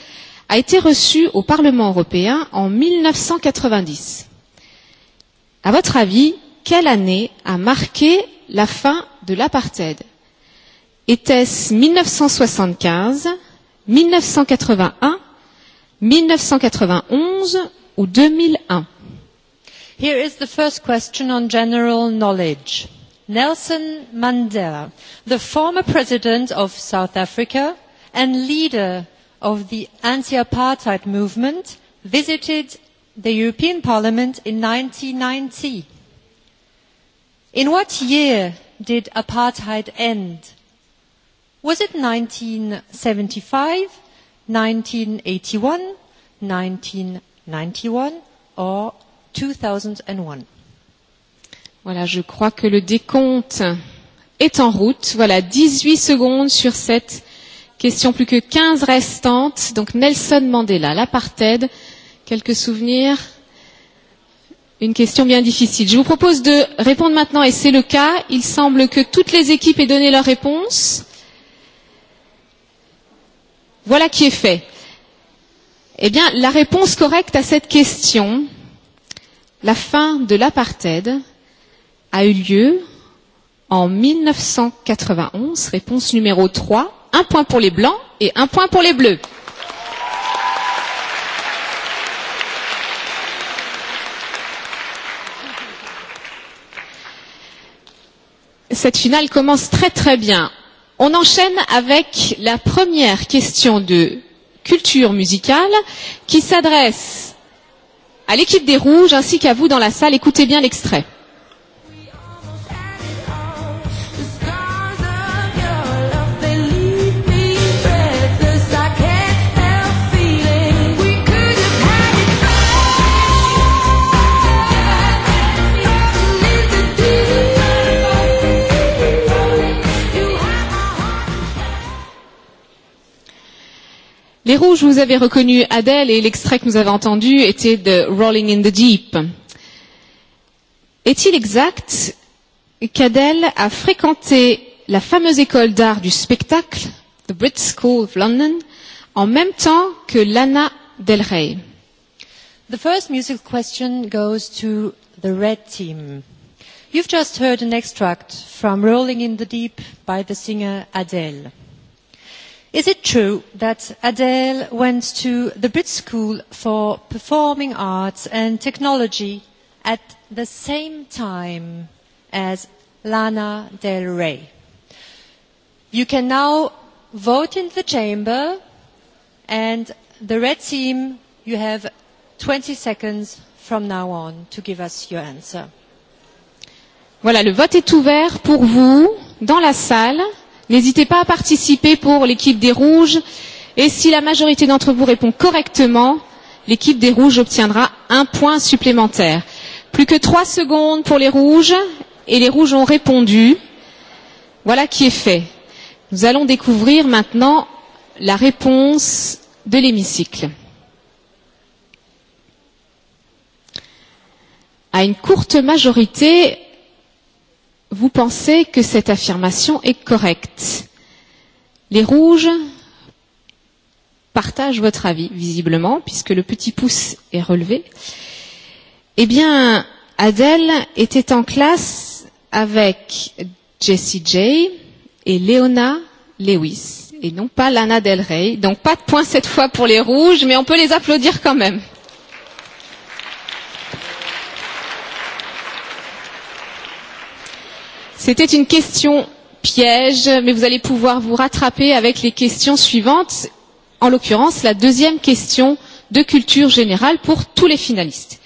a été reçu au Parlement européen en 1990. À votre avis, quelle année a marqué la fin de l'apartheid Était-ce 1975, 1981, 1991 ou 2001 Here is the first question on general knowledge. Nelson Mandela, the former president of South Africa and leader of the anti-apartheid movement, visited the European Parliament in 1990. In what year did apartheid end? Was it 1975, 1981, 1991 or 2001? Voilà, je crois que le décompte est en route. Voilà, 18 secondes sur cette question, plus que 15 restantes. Donc Nelson Mandela, l'apartheid, quelques souvenirs Une question bien difficile. Je vous propose de répondre maintenant, et c'est le cas. Il semble que toutes les équipes aient donné leur réponse. Voilà qui est fait. Eh bien, la réponse correcte à cette question, la fin de l'apartheid, a eu lieu en 1991. Réponse numéro 3. Un point pour les blancs et un point pour les bleus. cette finale commence très très bien. On enchaîne avec la première question de culture musicale qui s'adresse à l'équipe des Rouges ainsi qu'à vous dans la salle. Écoutez bien l'extrait. rouges, vous avez reconnu Adele et l'extrait que nous avons entendu était de Rolling in the Deep. Est-il exact qu'Adele a fréquenté la fameuse école d'art du spectacle, The Brit School of London, en même temps que Lana Del Rey? The first musical question goes to the red team. You've just heard an extract from Rolling in the Deep by the singer Adele. Is it true that Adele went to the Brit School for Performing Arts and Technology at the same time as Lana Del Rey? You can now vote in the chamber and the red team, you have 20 seconds from now on to give us your answer. Voilà, le vote est ouvert pour vous dans la salle. N'hésitez pas à participer pour l'équipe des rouges. Et si la majorité d'entre vous répond correctement, l'équipe des rouges obtiendra un point supplémentaire. Plus que trois secondes pour les rouges et les rouges ont répondu. Voilà qui est fait. Nous allons découvrir maintenant la réponse de l'hémicycle. À une courte majorité, vous pensez que cette affirmation est correcte. Les rouges partagent votre avis, visiblement, puisque le petit pouce est relevé. Eh bien, Adèle était en classe avec Jessie J et Leona Lewis, et non pas Lana Del Rey. Donc pas de points cette fois pour les rouges, mais on peut les applaudir quand même. C'était une question piège, mais vous allez pouvoir vous rattraper avec les questions suivantes. En l'occurrence, la deuxième question de culture générale pour tous les finalistes.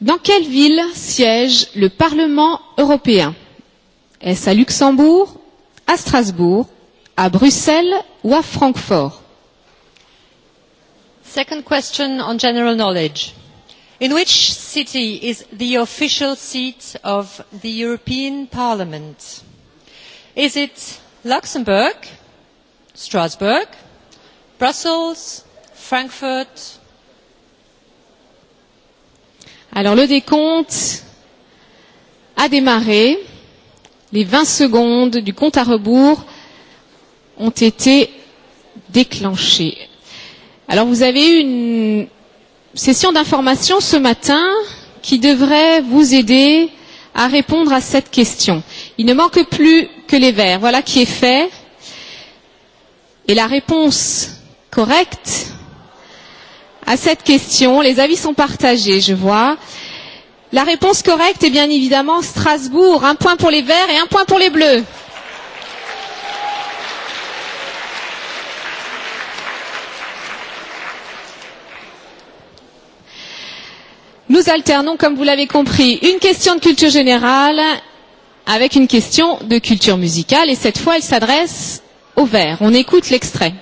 Dans quelle ville siège le Parlement européen Est-ce à Luxembourg, à Strasbourg, à Bruxelles ou à Francfort Second question on general knowledge. In which city is the official seat of the European Parliament? Is it Luxembourg, Strasbourg, Brussels, Frankfurt? Alors le décompte a démarré. Les 20 secondes du compte à rebours ont été déclenchées. Alors vous avez une session d'information ce matin qui devrait vous aider à répondre à cette question. Il ne manque plus que les verts. Voilà qui est fait. Et la réponse correcte à cette question, les avis sont partagés, je vois. La réponse correcte est bien évidemment Strasbourg. Un point pour les verts et un point pour les bleus. Nous alternons, comme vous l'avez compris, une question de culture générale avec une question de culture musicale et cette fois elle s'adresse au vert. On écoute l'extrait.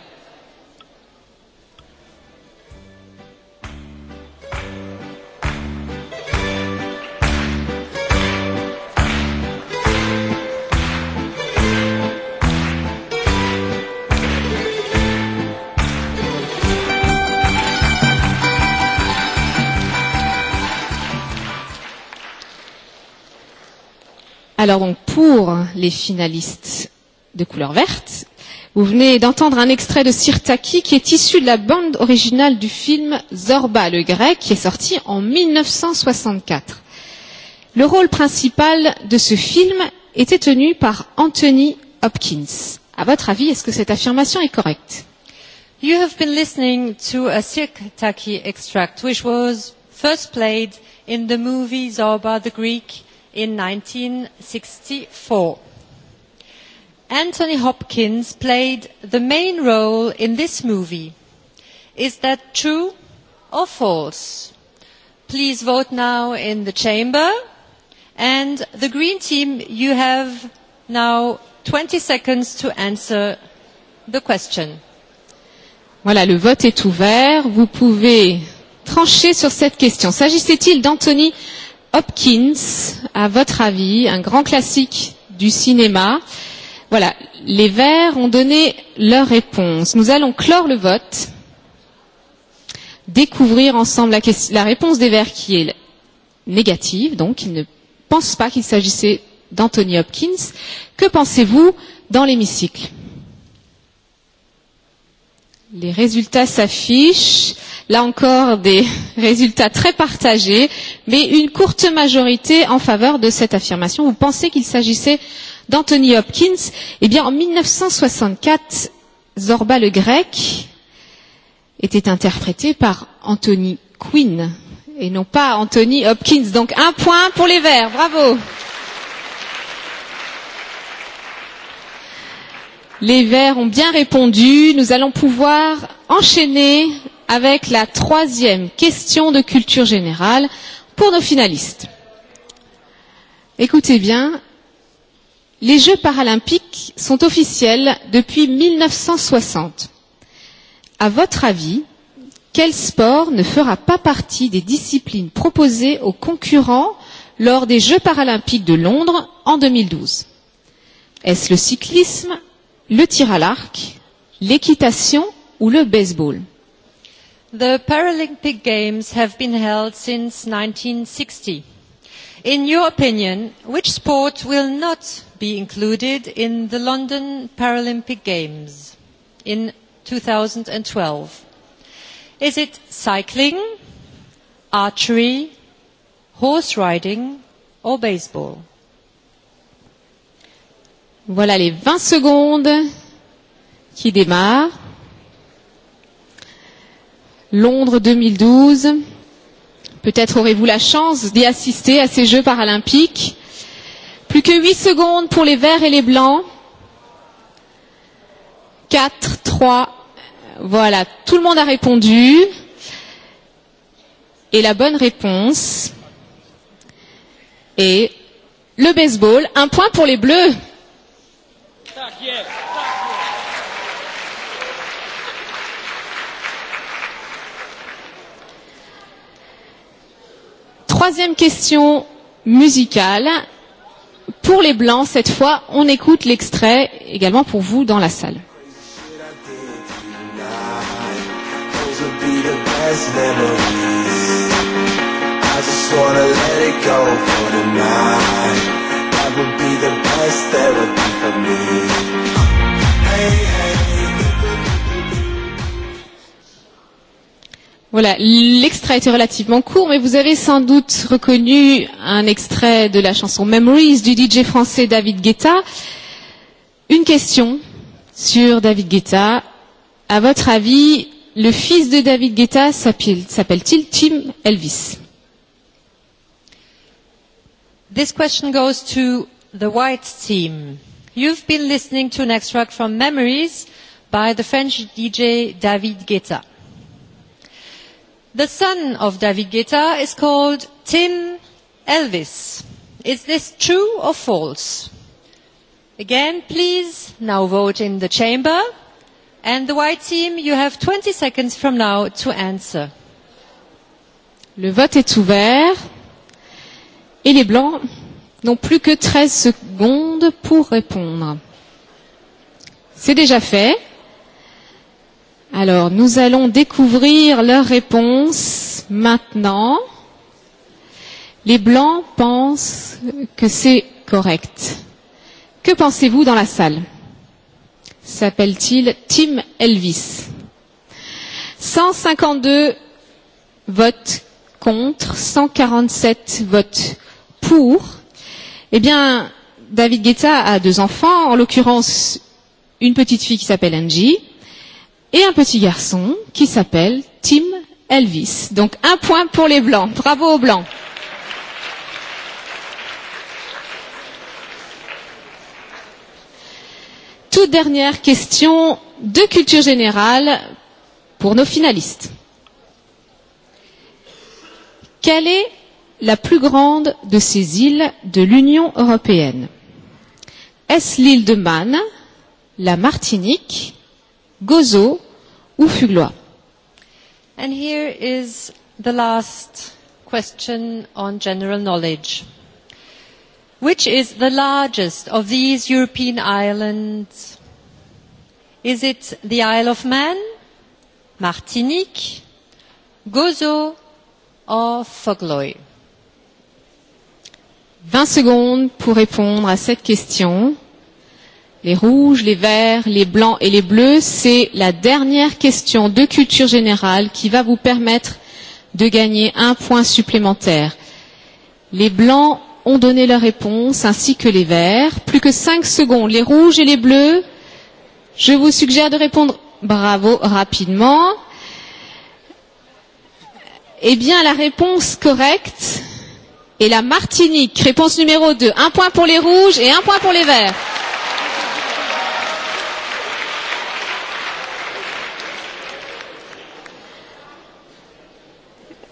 Alors donc pour les finalistes de couleur verte, vous venez d'entendre un extrait de Sirtaki qui est issu de la bande originale du film Zorba le grec qui est sorti en 1964. Le rôle principal de ce film était tenu par Anthony Hopkins. À votre avis, est-ce que cette affirmation est correcte You have been listening to a Sirtaki extract which was first played in the movie Zorba the Greek in 1964. Anthony Hopkins played the main role in this movie. Is that true or false? Please vote now in the chamber. And the Green Team, you have now 20 seconds to answer the question. Voilà, le vote est ouvert. Vous pouvez trancher sur cette question. S'agissait-il d'Anthony Hopkins, à votre avis, un grand classique du cinéma. Voilà, les Verts ont donné leur réponse. Nous allons clore le vote, découvrir ensemble la, question, la réponse des Verts qui est négative, donc ils ne pensent pas qu'il s'agissait d'Anthony Hopkins. Que pensez-vous dans l'hémicycle Les résultats s'affichent. Là encore, des résultats très partagés, mais une courte majorité en faveur de cette affirmation. Vous pensez qu'il s'agissait d'Anthony Hopkins Eh bien, en 1964, Zorba le Grec était interprété par Anthony Quinn et non pas Anthony Hopkins. Donc un point pour les Verts. Bravo. Applaudissements Les Verts ont bien répondu. Nous allons pouvoir enchaîner avec la troisième question de culture générale pour nos finalistes. Écoutez bien, les Jeux paralympiques sont officiels depuis 1960. À votre avis, quel sport ne fera pas partie des disciplines proposées aux concurrents lors des Jeux paralympiques de Londres en 2012 Est-ce le cyclisme le tir à l'arc, l'équitation ou le baseball. The Paralympic Games have been held since 1960. In your opinion, which sport will not be included in the London Paralympic Games in 2012? Is it cycling, archery, horse riding or baseball? Voilà les 20 secondes qui démarrent. Londres 2012. Peut-être aurez-vous la chance d'y assister à ces Jeux paralympiques. Plus que 8 secondes pour les verts et les blancs. 4, 3, voilà, tout le monde a répondu. Et la bonne réponse est le baseball. Un point pour les bleus. Tak jest, tak jest. Troisième question musicale. Pour les blancs, cette fois, on écoute l'extrait également pour vous dans la salle. best memories. I just wanna let it go for the night. That would be the best that I think of me. Hey, hey. Voilà, l'extrait était relativement court, mais vous avez sans doute reconnu un extrait de la chanson Memories du DJ français David Guetta. Une question sur David Guetta. À votre avis, le fils de David Guetta s'appelle-t-il Tim Elvis This question goes to the White Team. You've been listening to an extract from Memories by the French DJ David Guetta. The son of David Guetta is called Tim Elvis. Is this true or false? Again, please now vote in the chamber. And the white team, you have 20 seconds from now to answer. Le vote est ouvert. Et les blancs n'ont plus que 13 secondes pour répondre. C'est déjà fait. Alors, nous allons découvrir leurs réponses maintenant. Les blancs pensent que c'est correct. Que pensez-vous dans la salle S'appelle-t-il Tim Elvis 152 votes contre, 147 votes pour, Eh bien, David Guetta a deux enfants, en l'occurrence une petite fille qui s'appelle Angie et un petit garçon qui s'appelle Tim Elvis. Donc un point pour les Blancs. Bravo aux Blancs. Toute dernière question de culture générale pour nos finalistes. Quel est la plus grande de ces îles de l'Union européenne Est-ce l'île de Man, la Martinique, Gozo ou Fuglois And here is the last question on general knowledge. Which is the largest of these European islands? Is it the Isle of Man, Martinique, Gozo or Fogloy? 20 secondes pour répondre à cette question. Les rouges, les verts, les blancs et les bleus, c'est la dernière question de culture générale qui va vous permettre de gagner un point supplémentaire. Les blancs ont donné leur réponse ainsi que les verts. Plus que 5 secondes, les rouges et les bleus. Je vous suggère de répondre bravo rapidement. Eh bien, la réponse correcte et la Martinique. Réponse numéro 2. Un point pour les rouges et un point pour les verts.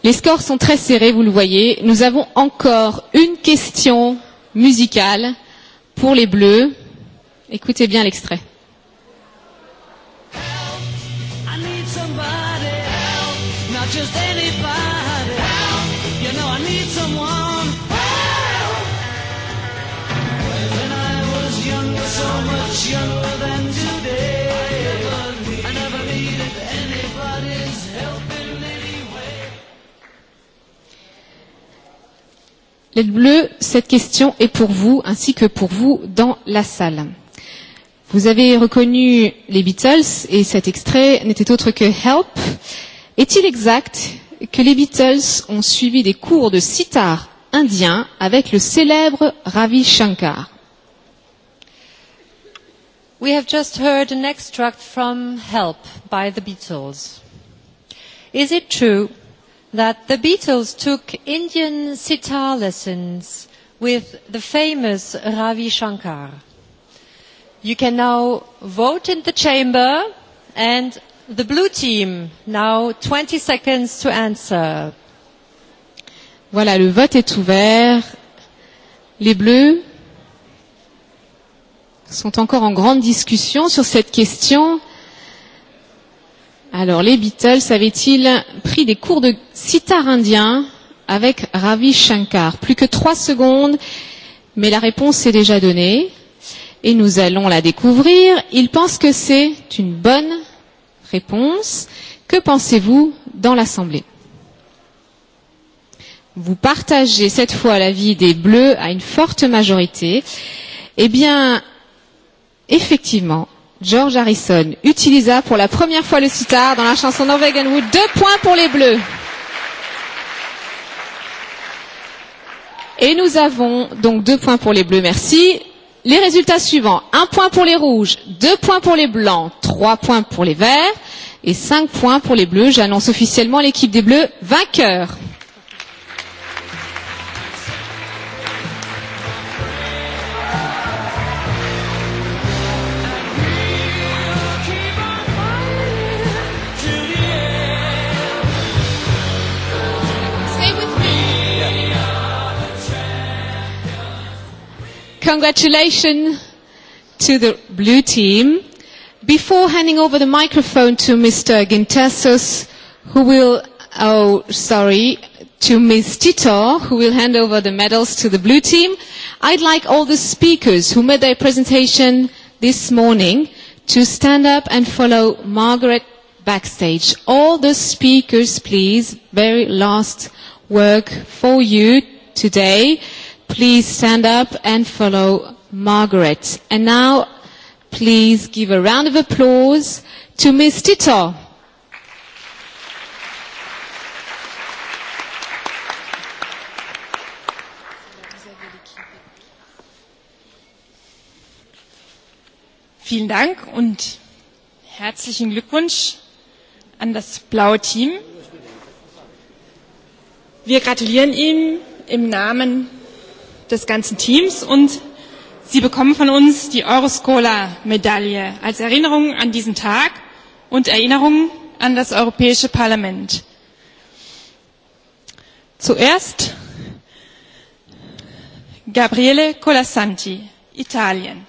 Les scores sont très serrés, vous le voyez. Nous avons encore une question musicale pour les bleus. Écoutez bien l'extrait. Les bleus, cette question est pour vous ainsi que pour vous dans la salle. Vous avez reconnu les Beatles et cet extrait n'était autre que Help. Est-il exact que les Beatles ont suivi des cours de sitar indien avec le célèbre Ravi Shankar We have just heard an extract from Help by the Beatles. Is it true that the Beatles took Indian sitar lessons with the famous Ravi Shankar? You can now vote in the chamber and the blue team now 20 seconds to answer. Voilà, le vote est ouvert. Les bleus sont encore en grande discussion sur cette question. Alors, les Beatles avaient-ils pris des cours de sitar indien avec Ravi Shankar Plus que trois secondes, mais la réponse est déjà donnée et nous allons la découvrir. Il pense que c'est une bonne réponse. Que pensez-vous dans l'Assemblée Vous partagez cette fois l'avis des Bleus à une forte majorité. Eh bien, Effectivement, George Harrison utilisa pour la première fois le sitar dans la chanson Norwegian Wood. Deux points pour les Bleus. Et nous avons donc deux points pour les Bleus, merci. Les résultats suivants. Un point pour les Rouges, deux points pour les Blancs, trois points pour les Verts et cinq points pour les Bleus. J'annonce officiellement l'équipe des Bleus vainqueur. Congratulations to the blue team. Before handing over the microphone to Mr. Gintasos, who will, oh, sorry, to Ms. Titor, who will hand over the medals to the blue team, I'd like all the speakers who made their presentation this morning to stand up and follow Margaret backstage. All the speakers, please, very last work for you today please stand up and follow Margaret. And now, please give a round of applause to Ms. Tito. Vielen Dank und herzlichen Glückwunsch an das blaue Team. Wir gratulieren ihm im Namen des ganzen Teams und Sie bekommen von uns die Euroscola-Medaille als Erinnerung an diesen Tag und Erinnerung an das Europäische Parlament. Zuerst Gabriele Colasanti, Italien.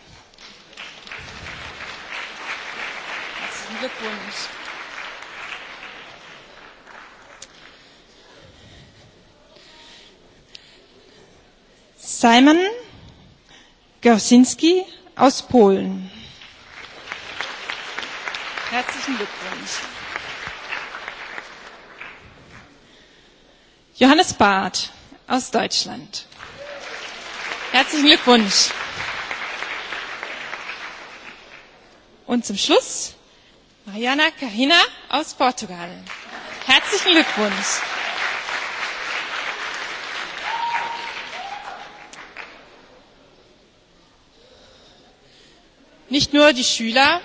Simon Gorsinski aus Polen. Herzlichen Glückwunsch. Johannes Barth aus Deutschland. Herzlichen Glückwunsch. Und zum Schluss Mariana Carina aus Portugal. Herzlichen Glückwunsch. Nicht nur die Schüler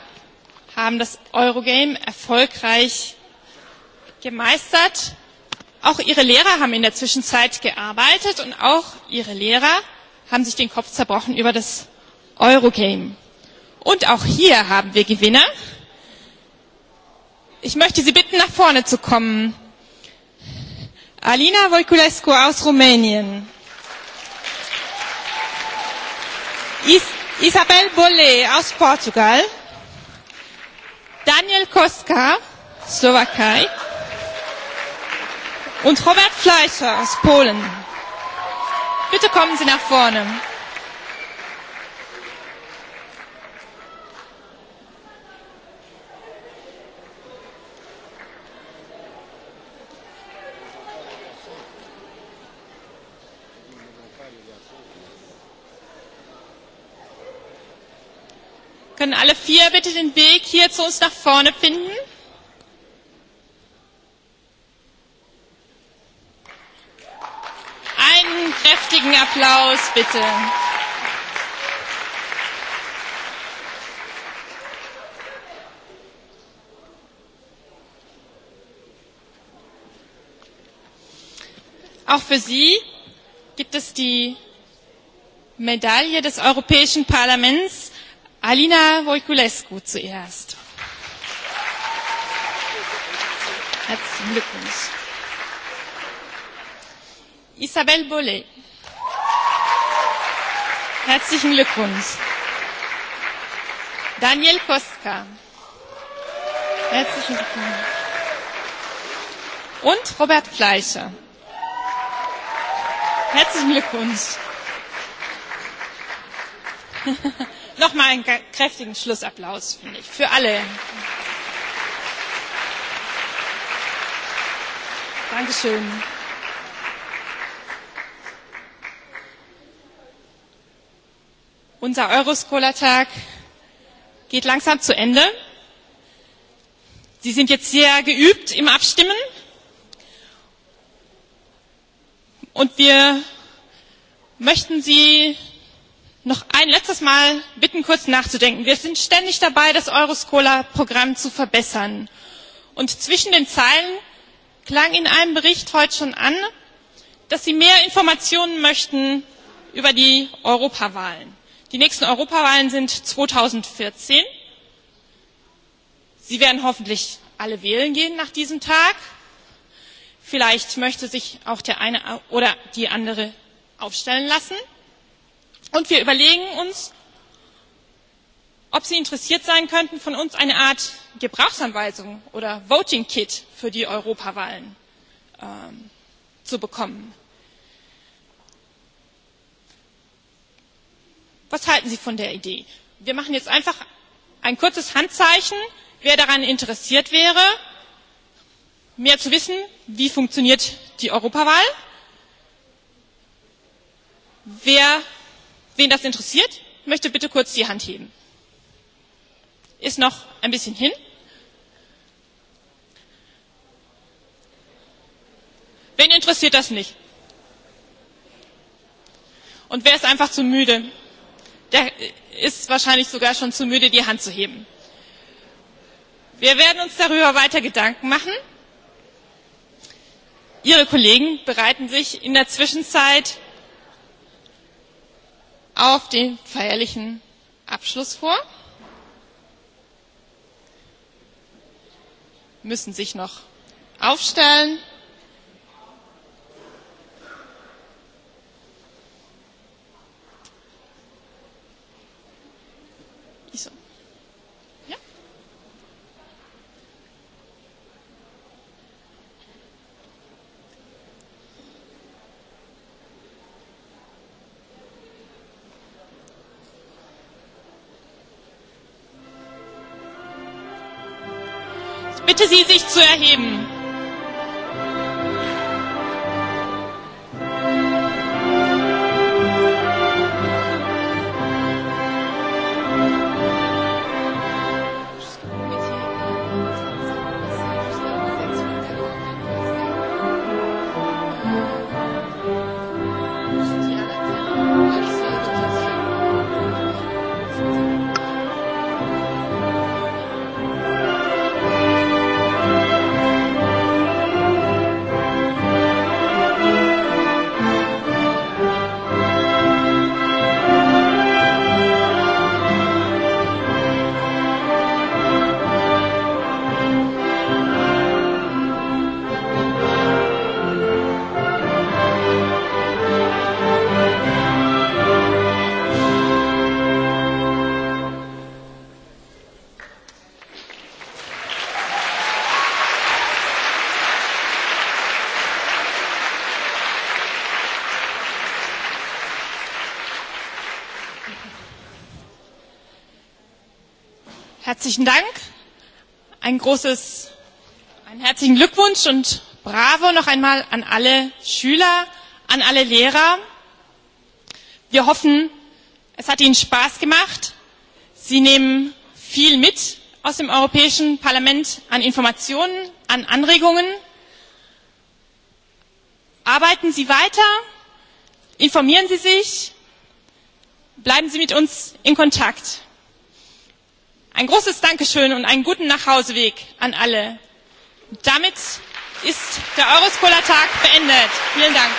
haben das Eurogame erfolgreich gemeistert, auch ihre Lehrer haben in der Zwischenzeit gearbeitet und auch ihre Lehrer haben sich den Kopf zerbrochen über das Eurogame. Und auch hier haben wir Gewinner. Ich möchte Sie bitten, nach vorne zu kommen. Alina Voiculescu aus Rumänien. Ist Isabel Bolle aus Portugal, Daniel Koska, Slowakei und Robert Fleischer aus Polen. Bitte kommen Sie nach vorne. Können alle vier bitte den Weg hier zu uns nach vorne finden? Einen kräftigen Applaus bitte. Auch für Sie gibt es die Medaille des Europäischen Parlaments Alina Wojkulescu zuerst. Herzlichen Glückwunsch. Isabelle Bollet. Herzlichen Glückwunsch. Daniel Koska. Herzlichen Glückwunsch. Und Robert Fleischer. Herzlichen Glückwunsch. Nochmal einen kräftigen Schlussapplaus, finde ich, für alle. Dankeschön. Unser Euroscola-Tag geht langsam zu Ende. Sie sind jetzt sehr geübt im Abstimmen. Und wir möchten Sie noch ein letztes Mal bitten, kurz nachzudenken. Wir sind ständig dabei, das Euroscola-Programm zu verbessern. Und zwischen den Zeilen klang in einem Bericht heute schon an, dass Sie mehr Informationen möchten über die Europawahlen. Die nächsten Europawahlen sind 2014. Sie werden hoffentlich alle wählen gehen nach diesem Tag. Vielleicht möchte sich auch der eine oder die andere aufstellen lassen und wir überlegen uns ob sie interessiert sein könnten von uns eine art gebrauchsanweisung oder voting kit für die europawahlen ähm, zu bekommen. was halten sie von der idee? wir machen jetzt einfach ein kurzes handzeichen wer daran interessiert wäre mehr zu wissen wie funktioniert die europawahl wer Wen das interessiert, möchte bitte kurz die Hand heben. Ist noch ein bisschen hin. Wen interessiert das nicht? Und wer ist einfach zu müde? Der ist wahrscheinlich sogar schon zu müde, die Hand zu heben. Wir werden uns darüber weiter Gedanken machen. Ihre Kollegen bereiten sich in der Zwischenzeit auf den feierlichen Abschluss vor. Müssen sich noch aufstellen. Bitte Sie, sich zu erheben. herzlichen Dank. Ein großes, einen herzlichen Glückwunsch und Bravo noch einmal an alle Schüler, an alle Lehrer. Wir hoffen, es hat Ihnen Spaß gemacht. Sie nehmen viel mit aus dem Europäischen Parlament an Informationen, an Anregungen. Arbeiten Sie weiter, informieren Sie sich, bleiben Sie mit uns in Kontakt. Ein großes Dankeschön und einen guten Nachhauseweg an alle. Damit ist der Euroskola-Tag beendet. Vielen Dank.